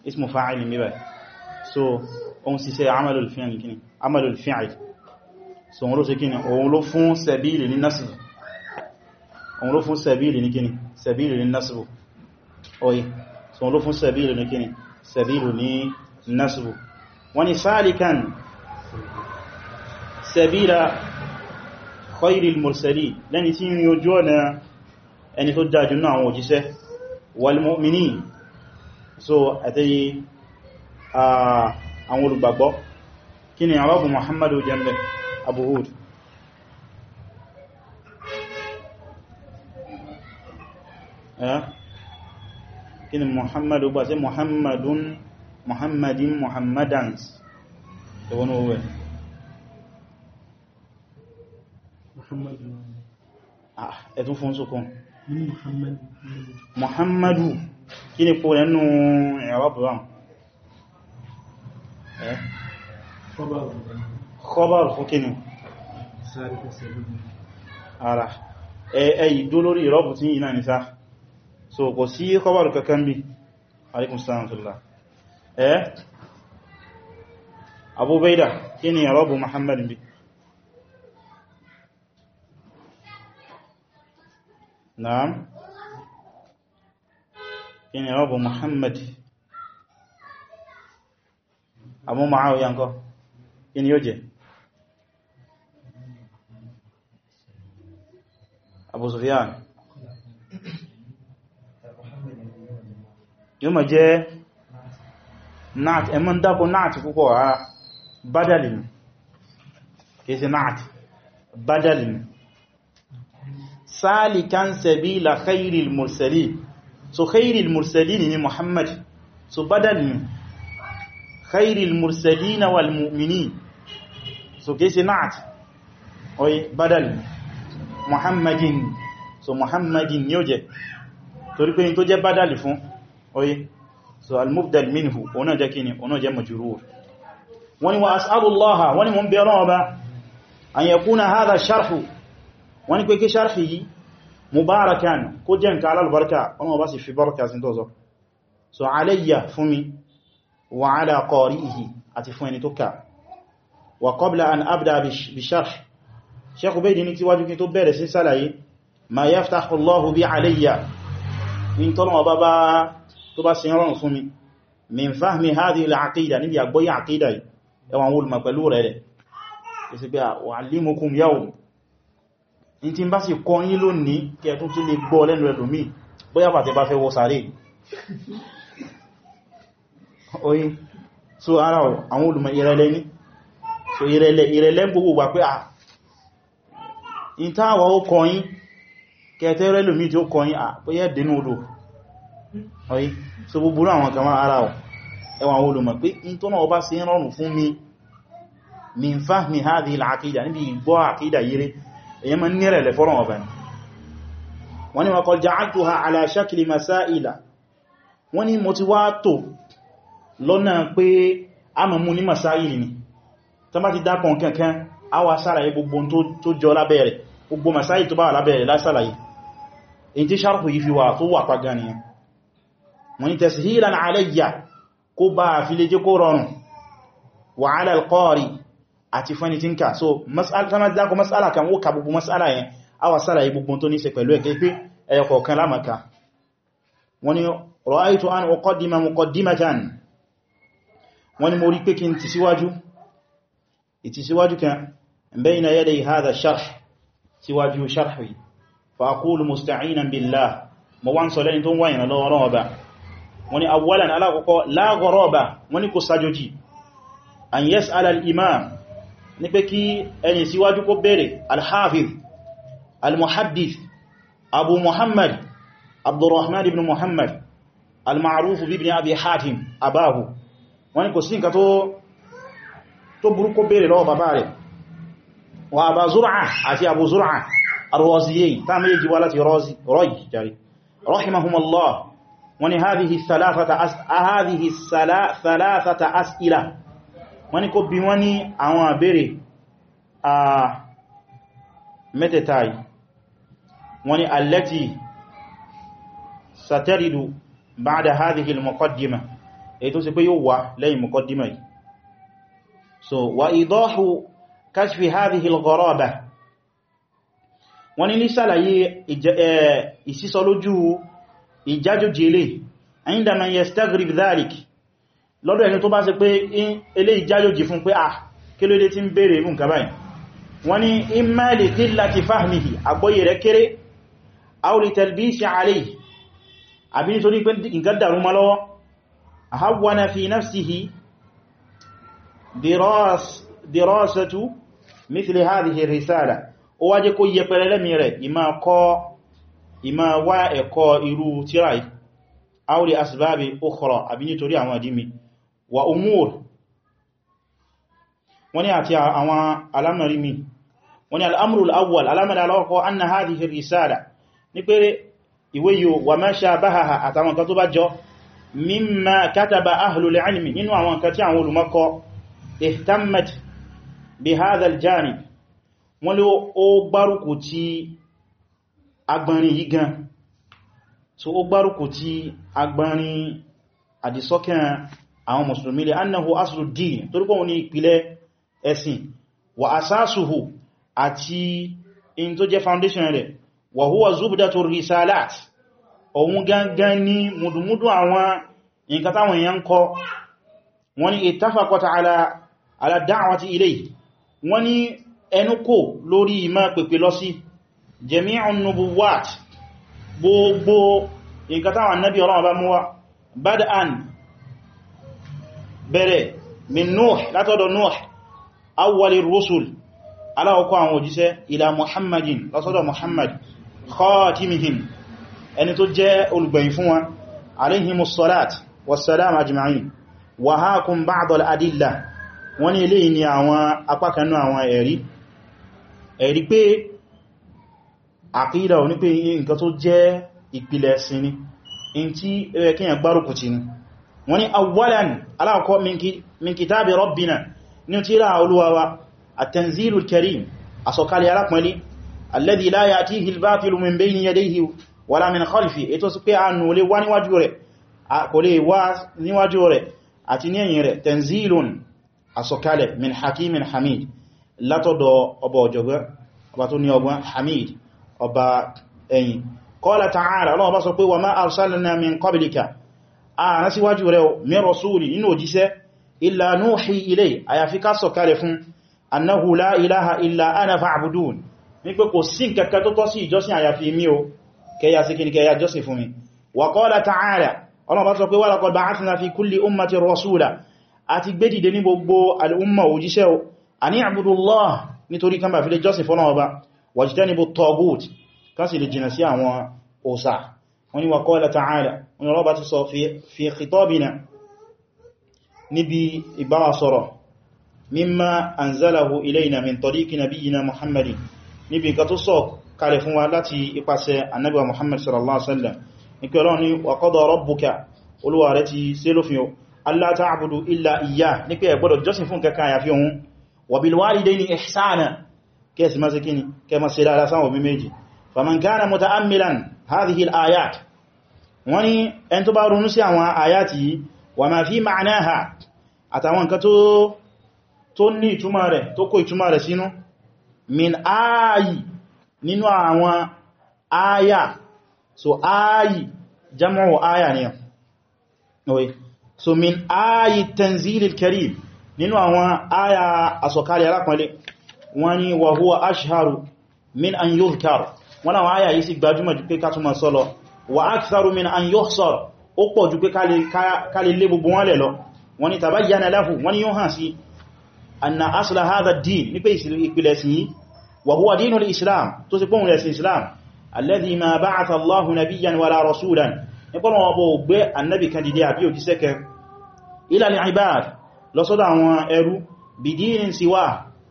ismu fa'il ní bẹ̀ so ohun ṣiṣẹ́ amal al so wọ́n ló ṣe kini ohun ní nasìlì òun ló fún sẹ̀bílì ní kíni sẹ̀bílì ní násìbò oye so òun ló fún sẹ̀bílì ní kíni sẹ̀bílì ní násìbò wani sáàlìkan sẹ̀bílà khairil mursali lẹ́ni tí ní ojú ọ̀nà ẹni tó dájú náà àwọn òjíṣẹ́ walmọ́mini so àtẹ́yí àwọn olùgbàgbọ́ kí ni àwọn abu muhammadu kí ni muhammadu gbà sí muhammadun muhammadin muhammadans ẹwọ́n owó ẹ̀ ah, ẹ̀tún fún sókún muhammadu kí ni kó ẹnu ẹ̀rọ brown ẹ́ kọbàrù fún kí ni ara ẹ̀yí dó lórí ìrọ́bù tí yìí náà nìsáà so kò sí kọbàrù kankan bí alaikun sàmàtùlá ẹ́ abúbẹ́dà kí ni yàrọ́bù muhammad bí na'am kí ni yàrọ́bù muhammad àmú ma'áwíyà nǹkan kí ni yóò jẹ́ abu sufyan yóò mọ̀ jẹ́ náàtì ẹmọ́ ń dákọ náàtì púpọ̀ ara bádàlì ni kèsì náàtì bádàlì ni sáàlìkan sabila khairil mursali so khairil mursali ni muhammad so bádàlì ni khairil mursali na wal mu'mini so kèsì náàtì oye bádàlì muhammadin so muhammadin ni ó jẹ torí pé tó jẹ́ bádàlì fún oye so al-mubdal minhu ọ̀nà jẹ́ kíni ọ̀nà jẹ́ majrur wani wa as'alullaha wani mun bi roba an yakuna hadha sharhu wani pe ki sharhi yi mubarakan ko jẹ́ nǹkan albarka ọmọ ba si fi baraka sin tozo so alayya fumi wa ala qari'ihi àti fún ẹni tó kà wa qabla an abda bi sharh sheikh ubaydi ní ti wájú kí tó bẹ̀rẹ̀ sí ṣàlàyé ma yaftahu allah bi alayya in tolo baba tó bá sin rọrùn fún mi min fahmi hadhihi al-aqida níbi àgbọ́yé àkídà yìí ẹwà wọn olùmọ̀ pẹ̀lú rẹ̀ rẹ̀ ìsì pé wa'allimukum yawm in ti bá sì kọ́ yín lónìí kí ẹ tún ti lè gbọ́ lẹ́nu ẹlòmí bóyá bàtẹ̀ bá fẹ́ wọ sàárè oyi so ara àwọn olùmọ̀ ìrẹ̀lẹ̀ ní so ìrẹ̀lẹ̀ gbogbo wà pé ah in táwà ó kọ́ yín kẹtẹ́rẹ́lòmí tí ó kọ́ yín ah bóyá dínú odò ọ̀yí so gbogbo àwọn kan máa ara ọ̀ ẹwà àwọn olùmọ̀ pé in tó náà bá ṣe ń rọrùn fún mi min fahmi hadhi al-aqida níbi ìgbọ́ àkídà yìí èyàn ma nírẹ̀ lẹ fọ́rọ̀ ọ̀bẹ̀ wọ́n ni wọ́n kọ ja'altuha ala shakli masaila wọ́n ni mo ti wá tò lọ́nà pé a mọ̀ mú ní masáìlì ni tó èyí tí sharhu yìí fi wà tó wà pàgániyàn wọ́n ni tashilan alayya kó bá fi lè jẹ́ kó rọrùn wa ala àti fẹ́ni so dákọ̀ mas'ala kan ó ka gbogbo mas'ala yẹn a wà sára gbogbo tó ní ṣe pẹ̀lú ẹ̀kẹ́ pé ẹ̀yọkọ̀ kan lámàká wọ́n ni ra'aytu an uqaddima muqaddimatan wọ́n ni mo rí pé kí n ti síwájú ìtìsíwájú kan bayna yaday hadha wọ́n ni awwalan alákọ̀ọ́kọ́ la gharaba wọ́n ni kò sájòjì an yas'ala al-imam ní pé kí ẹni síwájú kó bẹ̀rẹ̀ al-hafiz al-muhaddith abu muhammad abdurrahman ibn muhammad al-ma'ruf ibn abi hatim abahu wọ́n ni kò sí nǹkan tó burú kó bẹ̀rẹ̀ lọ́wọ́ bàbá rẹ̀ wa abá zur'a àti abu zur'a arwaziyayi tá méjì wọ́n ni hádìí sàlátàtà asìlá wọ́n ni kó bí wọ́n ní àwọn àbèrè a mẹ́tẹ̀ta yìí wọ́n ni allati sataridu ba'da hádìí al èyí tó sì pé yóò wà lẹ́yìn muqaddima yìí so wa idahu kashfi hádìí al ìjájójì ilé indama yastagrib dhalik lọ́dọ̀ ẹni tó bá ṣe pé ilé ìjájójì fún pé ah kí ló dé tí ń bèèrè irú nǹkan báyìí wọ́n ní imma li qillati fahmihi àgbọ́yé rẹ̀ kéré aw li talbisi alayhi àbí nítorí pé nǹkan dàrú mọ́ lọ́wọ́ ahawwana fi ìmá wá ẹ̀kọ́ irú tíra yìí aw li asbabi ukhra àbí nítorí àwọn àdími wa umur wọ́n ni àti àwọn alamari mi wọ́n ni al'amurul awwal alamari alawọ́kọ́ anna hadhihi risala ní pé ìwé yóò wà ma shabahaha àtàwọn nǹkan tó bá jọ mimma agbọ́nrin yìí gan so ó gbárùkù ti agbọ́nrin àdìsọ́kàn àwọn mùsùlùmí lè annahu asluddin torí kọ́ wọn ní ìpìlẹ̀ ẹ̀sìn wa asasuhu àti in tó jẹ́ foundation rẹ̀ wa huwa zubdatu risalat ohun gangan ni mùdùmùdù àwọn nǹkan táwọn èèyàn kọ wọ́n ní ittafaqata ala ala da'wati ilayhi wọ́n ní ẹnukò lórí ìmá pèpè lọ sí jami'un nubuwat gbogbo nǹkan táwọn annabi ọlọ́wọ́ bá mú wá bad'an bẹ̀rẹ̀ min nuh látọ̀dọ̀ nuh awwalir rusul aláwọ̀kọ́ àwọn òjíṣẹ́ ila muhammadin lọ́sọ́dọ̀ muhammad khatimihim ẹni tó jẹ́ olùgbẹ̀yìn fún wa alayhimus salat wassalam ajma'in wa hakum ba'd al adilla wọ́n ní eléyìí ni àwọn apákanú àwọn ẹ̀rí pé àkídà ò ní pé nǹkan tó jẹ́ ìpìlẹ̀ ẹ̀sìn ni in tí ẹ kíyàn gbárùkù ti ni wọ́n ni awwalan aláàkọ́ min kitabi rabbina ní tírà olúwawa at-tanzilul karim asọ̀kalẹ̀ alápọ̀lẹ̀ alladhi la ya'tihi al-batilu min bayni yadayhi wala min khalfi ètò sí pé àánú olè wá níwájú rẹ̀ kò lè wá níwájú rẹ̀ àti ní ẹ̀yìn rẹ̀ tanzilun asọ̀kalẹ̀ hamid ọba ẹ̀yìn qala ta'ala Allah bá sọ pé wa ma arsalna min qablika ààrán síwájú rẹ̀ min rasuli nínú òjíṣẹ́ illa nuhi ilay àyàfi ká sọ kalẹ̀ fún annahu la ilaha illa ana fa'budun ní pé kò sí nǹkankan tó tọ́ sí ìjọsìn àyàfi mi o kẹyà sí kìí kẹyà jọsìn fún mi wa qala ta'ala Allah bá sọ pé wa laqad ba'athna fi kulli ummatin rasula àti gbédìde ní gbogbo al'umma òjíṣẹ́ o a ní àbúdó nítorí kan bá fi lè jọsìn fọ́nà wàjítẹ́nibù tọ́gùt kásì lè jìnà sí àwọn òsà wọ́n ni wàkọ́lá ta'ala wọ́n rọ́bà ti sọ fi kìtọ́bìnà níbi ìbáwà sọ̀rọ̀ mímá anzalahu ilayna min tọ́ríkì nabiyyina muhammadi níbi nǹkan tó sọ kalẹ̀ fún wa láti ipasẹ̀ annabi wa muhammad sallallahu alaihi wasallam ní kí ọlọ́ni wa qada rabbuka olúwa rẹ̀ ti sé lófin kẹsì máa ṣe kíni kẹ máa ṣe dára sáwọn omi méjì faman kana muta'ammilan hadhihi al-ayat wọ́n ní ẹn tó bá ronú sí àwọn ayat yìí wa ma fi ma'naha àtàwọn nǹkan tó tó ní ìtumà rẹ̀ tó kó ìtumà rẹ̀ sínú min ayi nínú àwọn aya so ayi jam'u aya ni oye so min ayi tanzilil karim nínú àwọn aya asọ̀kalẹ̀ alápọ̀lẹ̀ wọ́n ní wa huwa ashharu min an yuzkar wọ́n àwọn àyà yìí sì gbajúmọ̀ jù pé ká túnmọ̀ sọ́lọ wa aktharu min an yuhsar ó pọ̀ jù pé ká lè lé gbogbo wọn lẹ̀ lọ wọ́n ní tabayyana lahu wọ́n ní yóò hàn sí anna asla hadha din ní pé ìpìlẹ̀ sí yìí wa huwa dinul islam tó sì pọ̀hùn lẹ́sìn islam alladhi ma ba'atha Allahu ibad lọ sọ́dọ̀ àwọn ẹrú bidinin siwa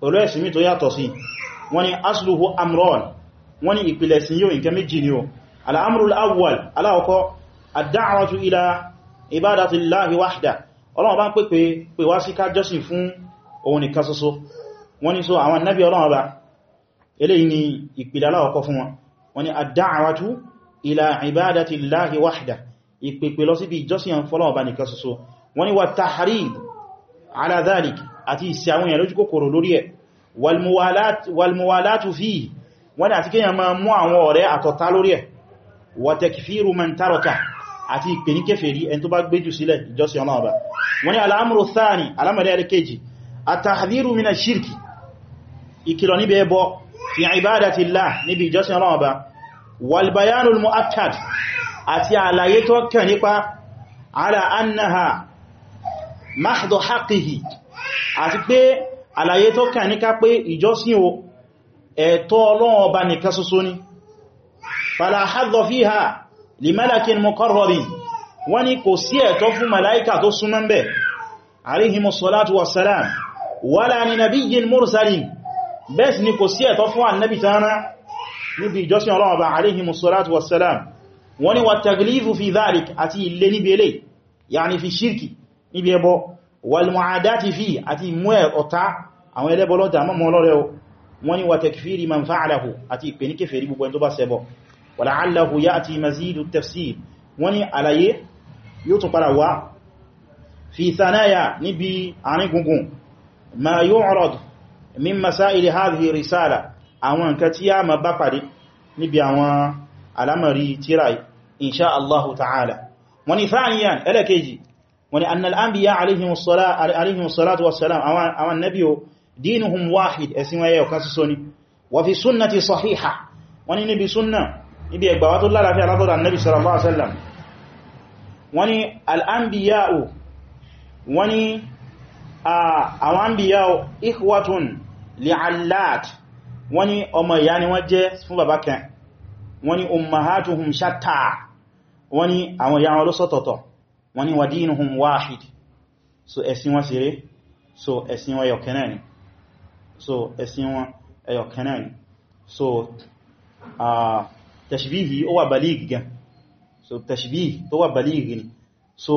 pẹ̀lú ẹ̀sìn mi tó yàtọ̀ sí wọ́n ní asluhu amron wọ́n ní ìpìlẹ̀ sí yóò nǹkan méjì ni o al'amrul awwal aláwọ̀kọ́ ad-da'watu ila ibadati llahi wahda ọlọ́wọ́ bá ń pèpè pè wá sí ká jọ́sìn fún òun nìkan ṣoṣo wọ́n ní so àwọn nábì ọlọ́wọ́ bá eléyìí ni ìpìlẹ̀ aláwọ̀kọ́ fún wọn wọ́n ní ad-da'watu walmuwalatu fi wọ́n ni àti kíyàn máa mú àwọn ọ̀rẹ́ àtọ̀tá lórí ẹ̀ wa takfiru man taraka àti ìpè ní kèfèrí ẹni tó bá gbéjù sílẹ̀ ìjọsìn ọmọ ọba wọ́n ni al'amuru thani alamari alkeji at-tahdhiru mina shirki ìkìlọ̀ níbi ẹbọ fi ibadatillah níbi ìjọsìn ọmọ ọba wal àlàyé tó kà ní ká pé ìjọsìn o ẹ̀tọ́ Ọlọ́run ọba nìkan ṣoṣo ni fala hadda fiha li malakin muqarrabin wọ́n ni kò sí ẹ̀tọ́ fún màláíkà tó súnmọ́ ń bẹ̀ alayhimu salatu wassalam wala ni nabiyyin mursalin bẹ́ẹ̀ sì ni kò sí ẹ̀tọ́ fún annabi tánà níbi ìjọsìn Ọlọ́run ọba walmu'adati fi àti mú ẹ̀ ọ̀tá àwọn ẹlẹ́bọ̀lọ́ta mọ́mọ́ ọlọ́rẹ́ wọ́n ni wa takfiri man fa'alahu àti ìpè ní kèfèrí gbogbo ẹn tó bá ṣẹbọ wa la'allahu ya'ti mazidu tafsir wọ́n ni àlàyé yóò tún padà wá fi thanaya níbi àárín gungun ma yu'rad min masaili hadhihi risala àwọn nǹkan tí a ma bá wọ́n ni annal anbiya alaihimus salatu wassalam àwọn nabi o dinuhum wahid ẹ̀sìn wọ́n yẹ ọ̀kan ṣoṣo ni wa fi sunnati sahiha wọ́n ni níbi sunna níbi ẹgbàwà tó lálàáfíà látọ̀dọ̀ annabi sallallahu alaihi wasallam wọ́n ni al'ambiya'u wọ́n ni àwọn ambiya'u ikhwatun li'allat wọ́n ni ọmọ ni wọ́n jẹ́ fún bàbá kan wọ́n shatta wọ́n ni àwọn ìyá wọ́n ní wadinuhum wahid so ẹ̀sìn wọn sí rẹ̀ so ẹ̀sìn wọn ẹyọ̀kẹ́nà ni so ẹ̀sìn wọn ẹyọ̀kẹ́nà ni so tashbihi ó wà baligh gan so tashbihi tó wà baligh ni so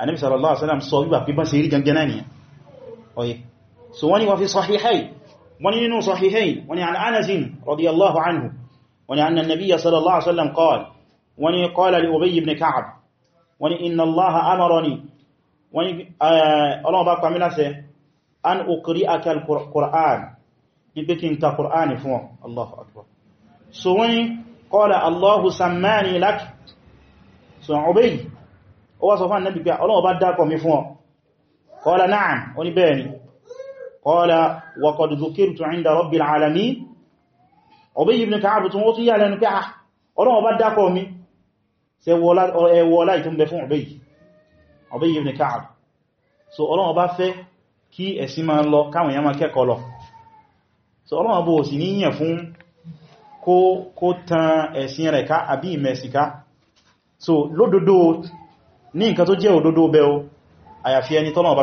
anabi sallallahu alaihi wasallam sọ wípé pípọ́n sí rí gangan náà ni ọ̀yẹ́ so wọ́n gangan ni oye so won ni fi sahihayn wọ́n ní nínú sahihayn wọ́n an Anas radiyallahu anhu wọ́n ní anna nabiyya sallallahu alaihi wasallam qala wọ́n qala li Ubay ibn Ka'b wọ́n ni inna allaha amaroni wọ́n ni eh, ọlọ́wọ́ bá pàmí láṣẹ an okiri akal qur'an ní pé kí n ka qur'an fún wọn allahu akbar so wọ́n ni qala allahu sammani lak so ubayy ó wá sọ fún annabi pé ọlọ́wọ́ bá dákọ̀ mi fún ọ qala na'am ó ní ni qala wa qad dhukirtu 'inda rabbil alamin ubayy ibn ka'ab tún ó tún yà lẹ́nu pé ah, ọlọ́wọ́ bá dákọ̀ mi ẹwọ ọlá ìtúnbẹ fún Ubayy Ubayy ibn Ka'ab so Ọlọ́run bá fẹ́ kí ẹ̀sìn máa lọ káwọn èèyàn máa kẹ́kọ̀ọ́ lọ so Ọlọ́run bó sì níyàn fún kó tan ẹ̀sìn rẹ̀ ká àbí ìmẹ̀sìká so lódodo ní nǹkan tó jẹ́ òdodo bẹ́ o àyàfi ẹni tọ́lọ̀ ọba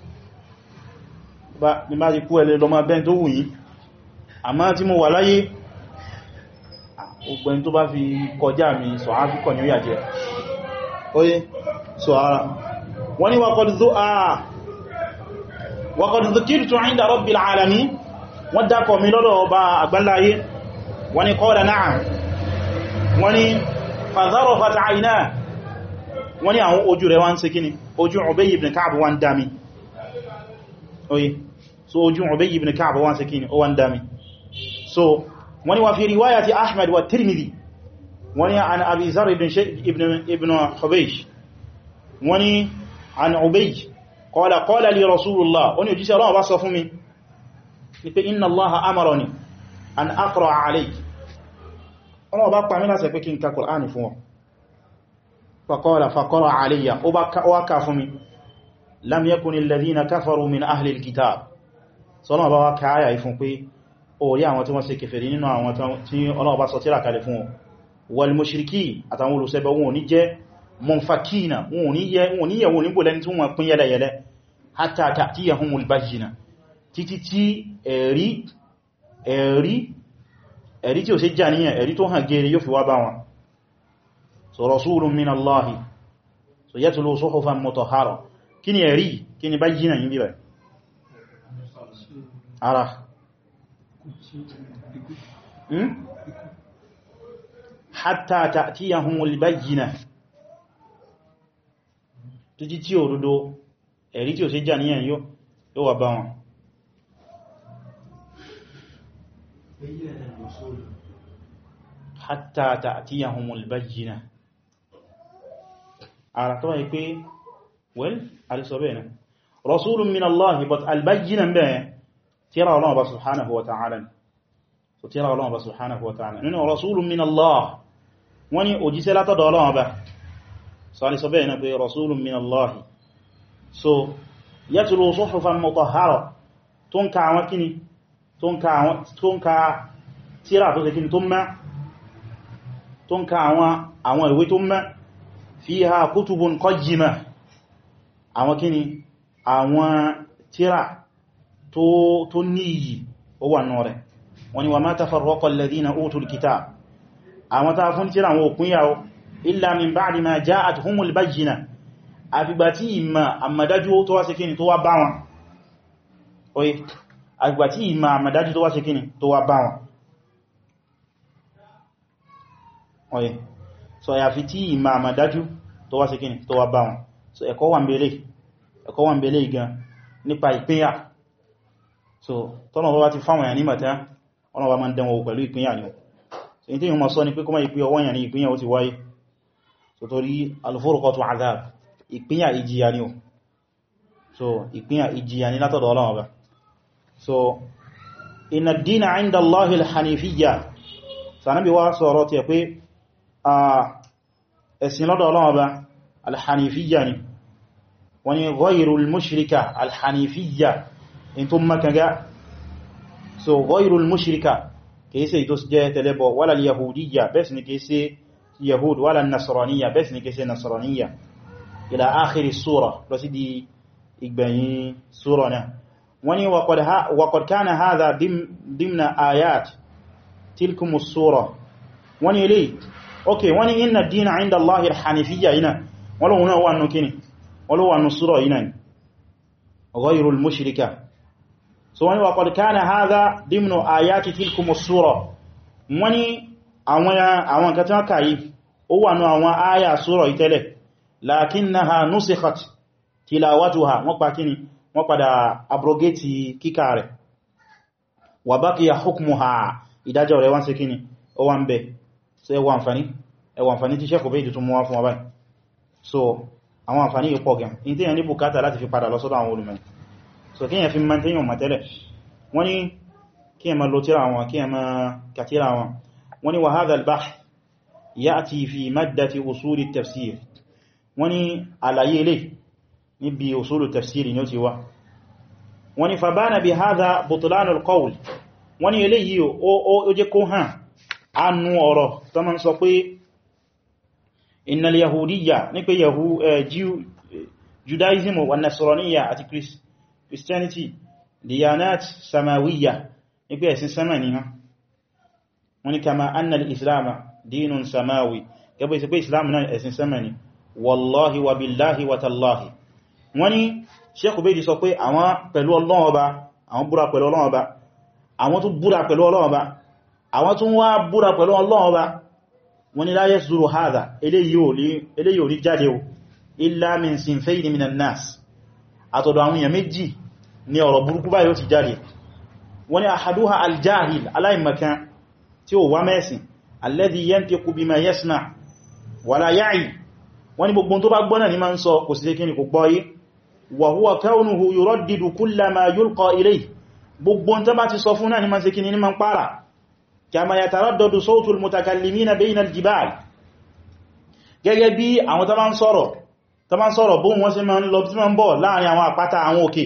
ní má ti kú ẹlẹ́ lọ máa bẹ́ẹ̀ tó wù yín àmá tí mo wà láyé ògbẹ̀n tó bá fi kọjá mi sọ á fi kọ̀ ní òyà jẹ́ oye sọ ara wọ́n ni wakọ̀dù kìrì tó inda rabbil alamin wọ́n dákọ̀ mi lọ́dọ̀ ọba àgbáláyé wọ́n ni qala wọ́n ni àwọn ojú rẹ̀ wá ń ṣe kíni ojú Ubay ibn Ka'b wá ń dámi oye so ojú Ubayy ibn Ka'b wọ́n sí kíni ó wọ́n dámi so wọ́n ni wà fi riwayati Ahmad wa Tirmidhi wọ́n ni an Abi Zar ibn Hubaysh wọ́n ni an Ubayy qala qala li Rasulullah wọ́n ni òjísẹ́ ọlọ́wọ́ bá sọ fún mi ni pé inna Allaha amarani an aqra'a alayk ọlọ́wọ́ bá pàmí láti pé kí n sọ́nà ọba wá káyà ìfún pé orí àwọn tí wọ́n ṣe kèfèrí nínú àwọn tí ọlọ́wọ́ bá sọ tíra kalẹ̀ fún wal mushriki àtàwọn olùsẹ́bẹ̀ wọn ò ní jẹ́ munfakina wọn ò ní yẹ wọn ò ní bò lẹ́ni tí wọ́n pín yẹlẹyẹlẹ hatta ta'tiyahumul bayyina títí tí ẹ̀rí ẹ̀rí ẹ̀rí tí ó ṣe jà níyàn ara hmm? hatta ta'tiyahumul bayyinah tó jí tí òdodo ẹ̀rí tí ò sí jà níyàn yóò wà bá wọn hatta ta'tiyahumul bayyinah ara tó wáyé pé well alisọ na rasulun min Allah but albayyinah bẹ́ẹ̀ tíra Ọlọ́run bá subhanahu wa ta'ala ni so tíra Ọlọ́run bá subhanahu wa ta'ala nínú rasulun min Allah wọ́n ni òjíṣẹ́ látọ̀dọ̀ Ọlọ́run bá so alìsọ bẹ́ẹ̀ na pé rasulun min Allah so yatlu suhufan mutahhara tó ń ka àwọn kíni tó ń ka tíra kíni tó ń ka tíra tó ní iyì ó wà náà rẹ̀ wọ́n ni wà máa tafarraqa alladhina utul kitab àwọn ta fún tíra àwọn òkun yàwó illa min ba'di ma ja'athumul bayyina àfìgbà tí ìmà àmàdájú tó wá ṣe kíni tó wá bá wọn oye àfìgbà tí ìmà àmàdájú tó wá ṣe kíni tó wá bá wọn oye nípa ìpínyà so tọ́nà bá ti fáwọn èèyàn ní mẹ́ta ọ̀nà bá ma ń dánwò pẹ̀lú ìpínyà ni so in tí yíò ma sọ ni pé kọ́mọ̀ ìpín ọwọ́ èèyàn ni ìpínyà ó ti wáyé so torí alfurqatu azab ìpínyà ìjìyà ni o so ìpínyà ìjìyà ni látọ̀dọ̀ so inna ad-dina 'inda Allahi al-hanifiyya sanabi wa sọ̀rọ̀ ti pé a ẹ̀sìn lọ́dọ̀ Ọlọ́run in tó makanga so ghayrul mushrika kìí ṣe ìtò jẹ́ tẹlẹbọ wala yahudiyya bẹ́ẹ̀sì ni kìí ṣe yahud wala nasraniyya bẹ́ẹ̀sì ni kìí ṣe nasraniyya ila akhiri sura lọ sí di ìgbẹ̀yìn sura náà wọ́n ni wa qad kana hadha dimna ayat tilkumu sura wọ́n ni ilé ok wọ́n ni inna dina inda allahi alhanifiyya ina wọ́n lọ́wọ́n wà nù kíni wọ́n lọ́wọ́ nù sura ina ni ghayrul mushrika so wani wa qad kana hadha dimnu ayati tilkum as-sura wani àwọn àwọn kan tan kai ó wà nu àwọn aya sura itele lakinnaha nusikhat tilawatuha wọ́n pa kini wọ́n padà abrogate kíkà rẹ̀ wa baqiya hukmuha ìdájọ́ rẹ̀ wọ́n ṣe kini ó wà ńbẹ̀ so ẹ wá àǹfààní ẹ wá àǹfààní tí sheku be itu mu wá fún wa báyìí so àwọn àǹfààní yìí pọ̀ gan in tí yan ní bùkátà láti fi padà lọ sọ́dọ̀ àwọn olùmọ̀ so kí yẹn fi mọ́ tẹ́yàn mọ̀ tẹ́lẹ̀ wọ́n ni kí yẹn ma lo tíra wọn kí yẹn ma kàtíra wọn wọ́n ni wa hadha al-bahr ya'ti fi maddati usul at-tafsir wọ́n ni àlàyé ilé níbi usul at-tafsir ni ó ti wá wọ́n ni fabana eh, eh, judaism wa nasraniyya àti christ christianity diyanat samawiya ní pé ẹ̀sìn sama ni ha wọ́n ní kama annal islam dinun samawi gẹ́bẹ̀ ìsẹ́ pé islam náà ẹ̀sìn sama ni wallahi wa billahi wa tallahi wọ́n ní sẹ́kù bèèdì sọ pé àwọn pẹ̀lú Ọlọ́run Ọba àwọn búra pẹ̀lú Ọlọ́run Ọba àwọn tún búra pẹ̀lú Ọlọ́run Ọba àwọn tún wá búra pẹ̀lú Ọlọ́run Ọba la yasduru hadha eléyìí ò ní jáde o illa min sinfayn minan nas àtọ̀dọ̀ àwọn èèyàn méjì ni ọ̀rọ̀ burúkú báyìí ó ti jáde wọ́n ni ahaduha aljahil aláìmọ̀kan tí ó wá mẹ́sìn alladhi yantiqu bima yasna wala ya'i wọ́n ni gbogbo tó bá gbọ́nà ní máa ń sọ kò sí kíni kò gbọ́yí wa huwa kaunuhu yuraddidu kullama yulqa ilayhi gbogbo tó bá ti sọ fún náà ní máa ń ṣe kíni gẹ́gẹ́ bí àwọn tó bá ń sọ̀rọ̀ bóhun wọ́n sí máa ń lọ sí máa ń bọ̀ láàrin àwọn àpáta àwọn òkè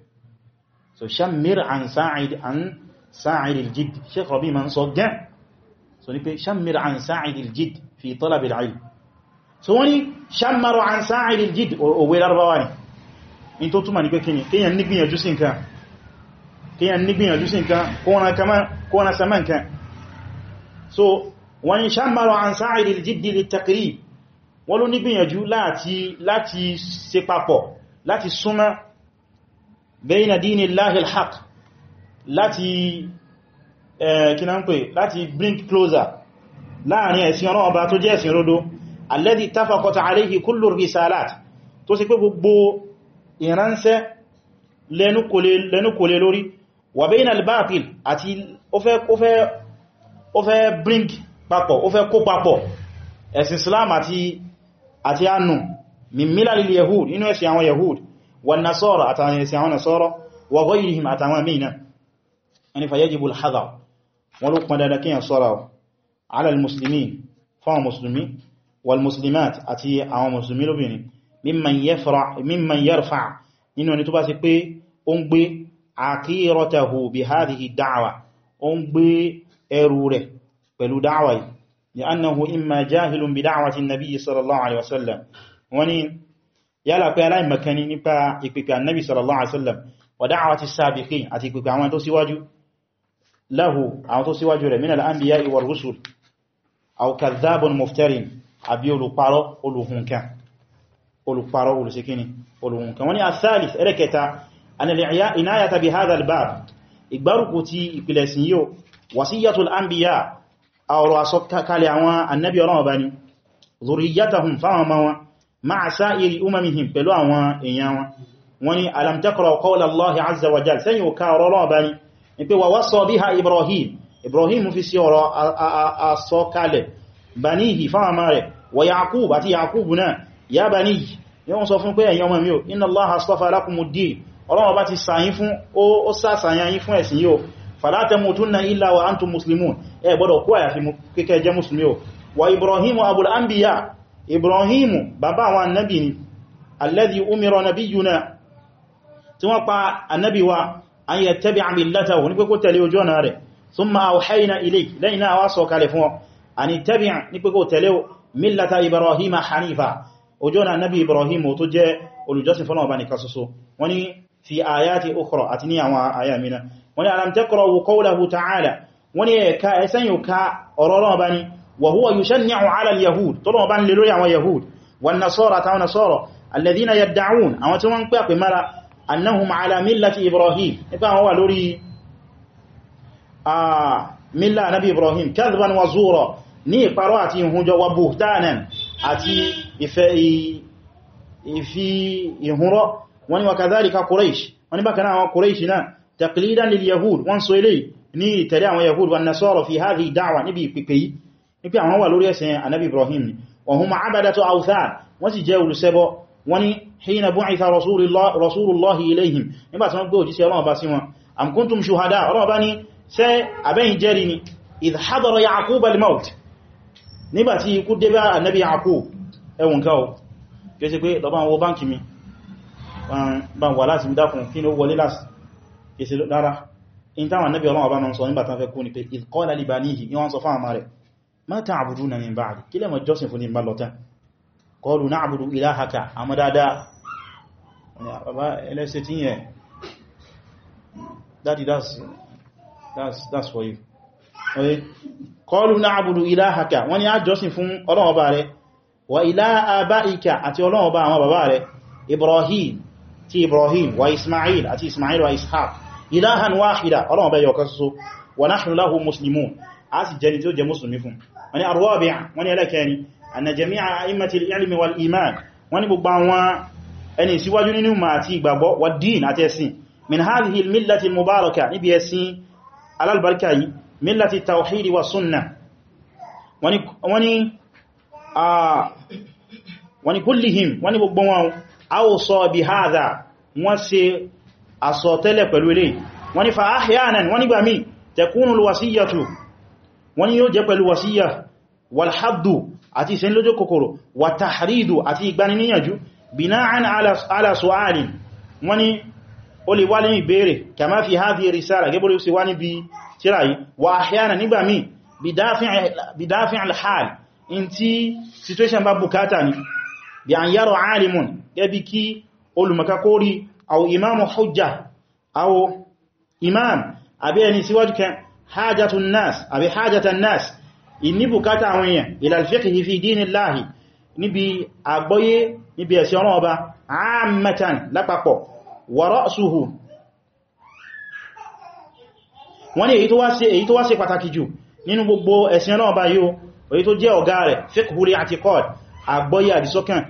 so shamir an sa'id an sa'id al-jidd sheikh rabi man so gan so ní pé shamir an sa'id al-jidd fi talab al so woni shamar an sa'id al-jidd o we larbawa ni in to tuma ní pé kíni kéèyàn ní gbìyànjú sí nǹkan kéèyàn ní gbìyànjú sí nǹkan ko sama nǹkan so woni shamar an sa'id al-jidd lit-taqrib wọ́n ló ní gbìyànjú láti láti ṣe papọ̀ láti súnmọ́ bayna dini Allahi al-haq láti eh, kíná ń láti bring closer láàrin ẹ̀sìn ọ̀nà ọba tó jẹ́ ẹ̀sìn rodo alladhi tafakọta alayhi kullu risalat tó sì pé gbogbo ìránṣẹ́ lẹ́nukòlé lórí wà bayna al-batil àti ó fẹ́ bring papọ̀ ó fẹ́ kó papọ̀ ẹ̀sìn Islam àti àti anu min milal yahud inú ẹ̀sìn àwọn yahud والنصارى اتان يسعون نصارى وغيرهم اتان مينا ان فيجب الحذر ولقم دلكين صرا على المسلمين فمسلمين والمسلمات اتي او مسلمين لبني ممن يفرع ممن يرفع nínú ẹni tó bá ṣe pé ó ń gbé àkírọtàhù bí hadhihi dáwà ó ń gbé ẹrù rẹ̀ pẹ̀lú dáwà yìí ni annahu imma jahilun bí dáwà ti nabi sallallahu alaihi wasallam wani yálà pé aláìmọ̀kẹni nípa ìpìpì annabi sallallahu alaihi wasallam wa da'wati sabiqin àti ìpìpì àwọn tó síwájú lahu àwọn tó síwájú rẹ̀ min al-anbiya'i war rusul aw kadhdhabun muftarin àbí olùparọ́ olùhunkan olùparọ́ olùsíkíní olùhunkan wọ́n ni athalith ẹ̀rẹ́kẹta anìyàta bi hadha al-bab ìgbárùkù ti ìpìlẹ̀ sin yíò wasiyatul anbiya a ọ̀rọ̀ asọ́kalẹ̀ ma'a sa'iri umamihim pẹ̀lú àwọn èèyàn wọn wọ́n ní alam taqra qawla Allahi azza wa jal sẹ́yìn ò káàrọ̀ lọ́wọ́ bá ní pé wa wasa biha Ibrahim Ibrahim fi sí ọ̀rọ̀ asọ́kalẹ̀ banihi fáwọn rẹ̀ wa Yaqub àti Yaqub náà ya bani yíwọ́n sọ fún pé ẹ̀yin ọmọ mi ò inna Allaha astafa lakumud-din ọlọ́wọ́ bá ti sàyín fún ó sàsàyàn yín fún ẹ̀sìn yíò fala tamutunna illa wa antum muslimun ẹ gbọ́dọ̀ kó àyàfi kékẹ́ jẹ́ musulmi ò wa Ibrahim abul anbiya ibrahimu bàbá àwọn annabi ni alladhi umira nabiyuna tí wọ́n pa annabi wa an yattabi'a millatahu ní pé kó tẹ̀lé ojú ọ̀nà rẹ̀ thumma awhayna ilayka lẹ́yìn náà wá sọ kalẹ̀ fún ọ an ittabi' ní pé kó tẹ̀lé millata ibrahima hanifa ojú ọ̀nà annabi ibrahimu tó jẹ́ olùjọ́sìn fọ́nà ọba nìkan ṣoṣo wọ́n ni fi ayati ukhra àti ní àwọn ayamina wọ́n wọ́n ni ẹ̀ka ẹsẹ́yìn وهو يشنع على اليهود طلعوا بان للوية ويهود والنصارى تاو نصارى الذين يدعون أو تمن قيق مرا أنهم على ملة إبراهيم إبقى هو لوري آه ملة نبي إبراهيم كذبا وزورا ní ìparọ́ àti ìhunjọ wa buhtanan àti ìfẹ́ ìfi ìhunrọ́ wọ́n ni wa kadhalika Quraysh wọ́n ni bákaná àwọn Quraysh náà taqlidan lil yahud wọ́n so ilé ní ìtẹ̀lé àwọn yahud wa nasara fi hadhihi da'wa níbi ìpìpẹ̀ yìí nípé àwọn wà lórí ẹ̀sìn anábi ibrahim ni wa huma abadatu awthan wọ́n sì jẹ́ olùṣẹbọ wọ́n ní hina bu'itha rasulullahi ilayhim nígbà tí wọ́n gbé òjíṣẹ́ ọlọ́wọ́ bá sí wọn am kuntum shuhada ọlọ́wọ́ bá ní sẹ́ abẹ́yìn jẹ́rì ni idh hadara ya'qub al-maut nígbà tí ikú dé bá anábi ya'qub ẹwùn ká o kí ó sì pé lọ́bá wọ báńkì mi ọlọ́wọ́ bá náà sọ nígbà fẹ́ kú ni pé idh libanihi ni wọ́n sọ fáwọn rẹ̀ ma ta'buduna min ba'di kí lẹ máa jọ́sìn fún ní bá lọ́tẹ́ qalu na'budu ilahaka àmọ́ dáadáa bàbá ẹlẹ́sẹ̀ tí yẹn daddy that's for you qalu na'budu ilahaka wọ́n ni a jọ́sìn fún Ọlọ́run Ọba rẹ̀ wa ilaha abaika àti Ọlọ́run Ọba àwọn bàbá rẹ̀ Ibrahim ti Ibrahim wa Ismail àti Ismail wa Ishaq ilahan wahida Ọlọ́run Ọba yọ̀kan ṣoṣo wa nahnu lahu muslimun a sì fún wani arwabi' wani ẹlẹ́kẹni anna jami'a a'immatil ilmi wal iman wani gbogbo àwọn ẹni síwájú nínú ma àti ìgbàgbọ́ wa din àti ẹ̀sìn min hadhihi millati mubaraka níbi ẹ̀sìn alalbarka yìí millati tawhidi wa sunna wani wani a wani kullihim wani gbogbo wọn awsọ bi hadha wọ́n ṣe àsọtẹ́lẹ̀ pẹ̀lú ilé wani fa wani gbami takunul wasiyatu wọ́n ni yóò jẹ́ pẹ̀lú wàsíyà walhaddu àti ìsẹ́n lójó kòkòrò wà tahridu àti ìgbaniníyànjú bina'an ala su'alin wọ́n ni ó lè wá lè ìbéèrè kama fi hadhihi risala gẹ́bọ̀rẹ̀ sí wá níbi tíra yìí wà ahyana nígbà mí bidafi alhal in ti situation bá bukata ni bí an yaro alimun gẹ́bí síwájú kẹ́ hajjatun nas àbí hajjatan nas ìní bùkátà àwọn èèyàn ìlàlfíkì fi dinillahi níbi àgbọ́yé níbi ẹ̀sìn ọ̀rọ̀ ọba ammatan lápapọ̀ wa ra'suhu wọ́n ní èyí tó wá ṣe pàtàkì jù nínú gbogbo ẹ̀sìn ọ̀rọ̀ ọba yóò èyí tó jẹ́ ọ̀gá rẹ̀ fíkúrí àti kọ́d àgbọ́yé àdìsọ́kàn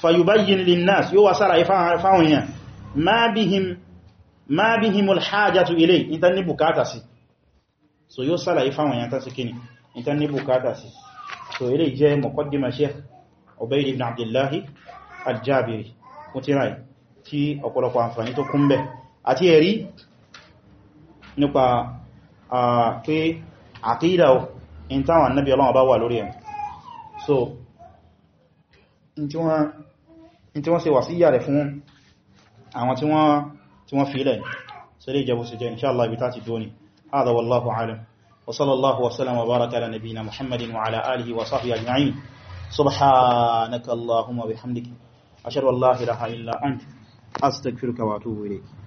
fayubayyin linnas yóò wá sára fáwọn èèyàn ma bihim ma bihimul hajjatu ilay ìtàn ní bùkátà sí so yóò sàlàyé fáwọn èèyàn tán sí kíni ìtàn ní bukata sí so ilé jẹ́ mọ̀kọ́dìmọ̀ Sheikh Ubayd ibn Abdullahi al-Jabiri fún tíra tí ọ̀pọ̀lọpọ̀ àǹfààní tó kún bẹ̀ àti ẹ̀rí nípa pé àkídà in táwọn annabi ọlọ́wọ́ bá wà lórí ẹ̀ so in tí wọ́n ṣe wàsíyà rẹ̀ fún àwọn tí هذا والله أعلم وصلى الله وسلم وبارك على نبينا محمد وعلى آله وصحبه أجمعين سبحانك اللهم وبحمدك أشهد أن لا إله إلا أنت أستغفرك وأتوب إليك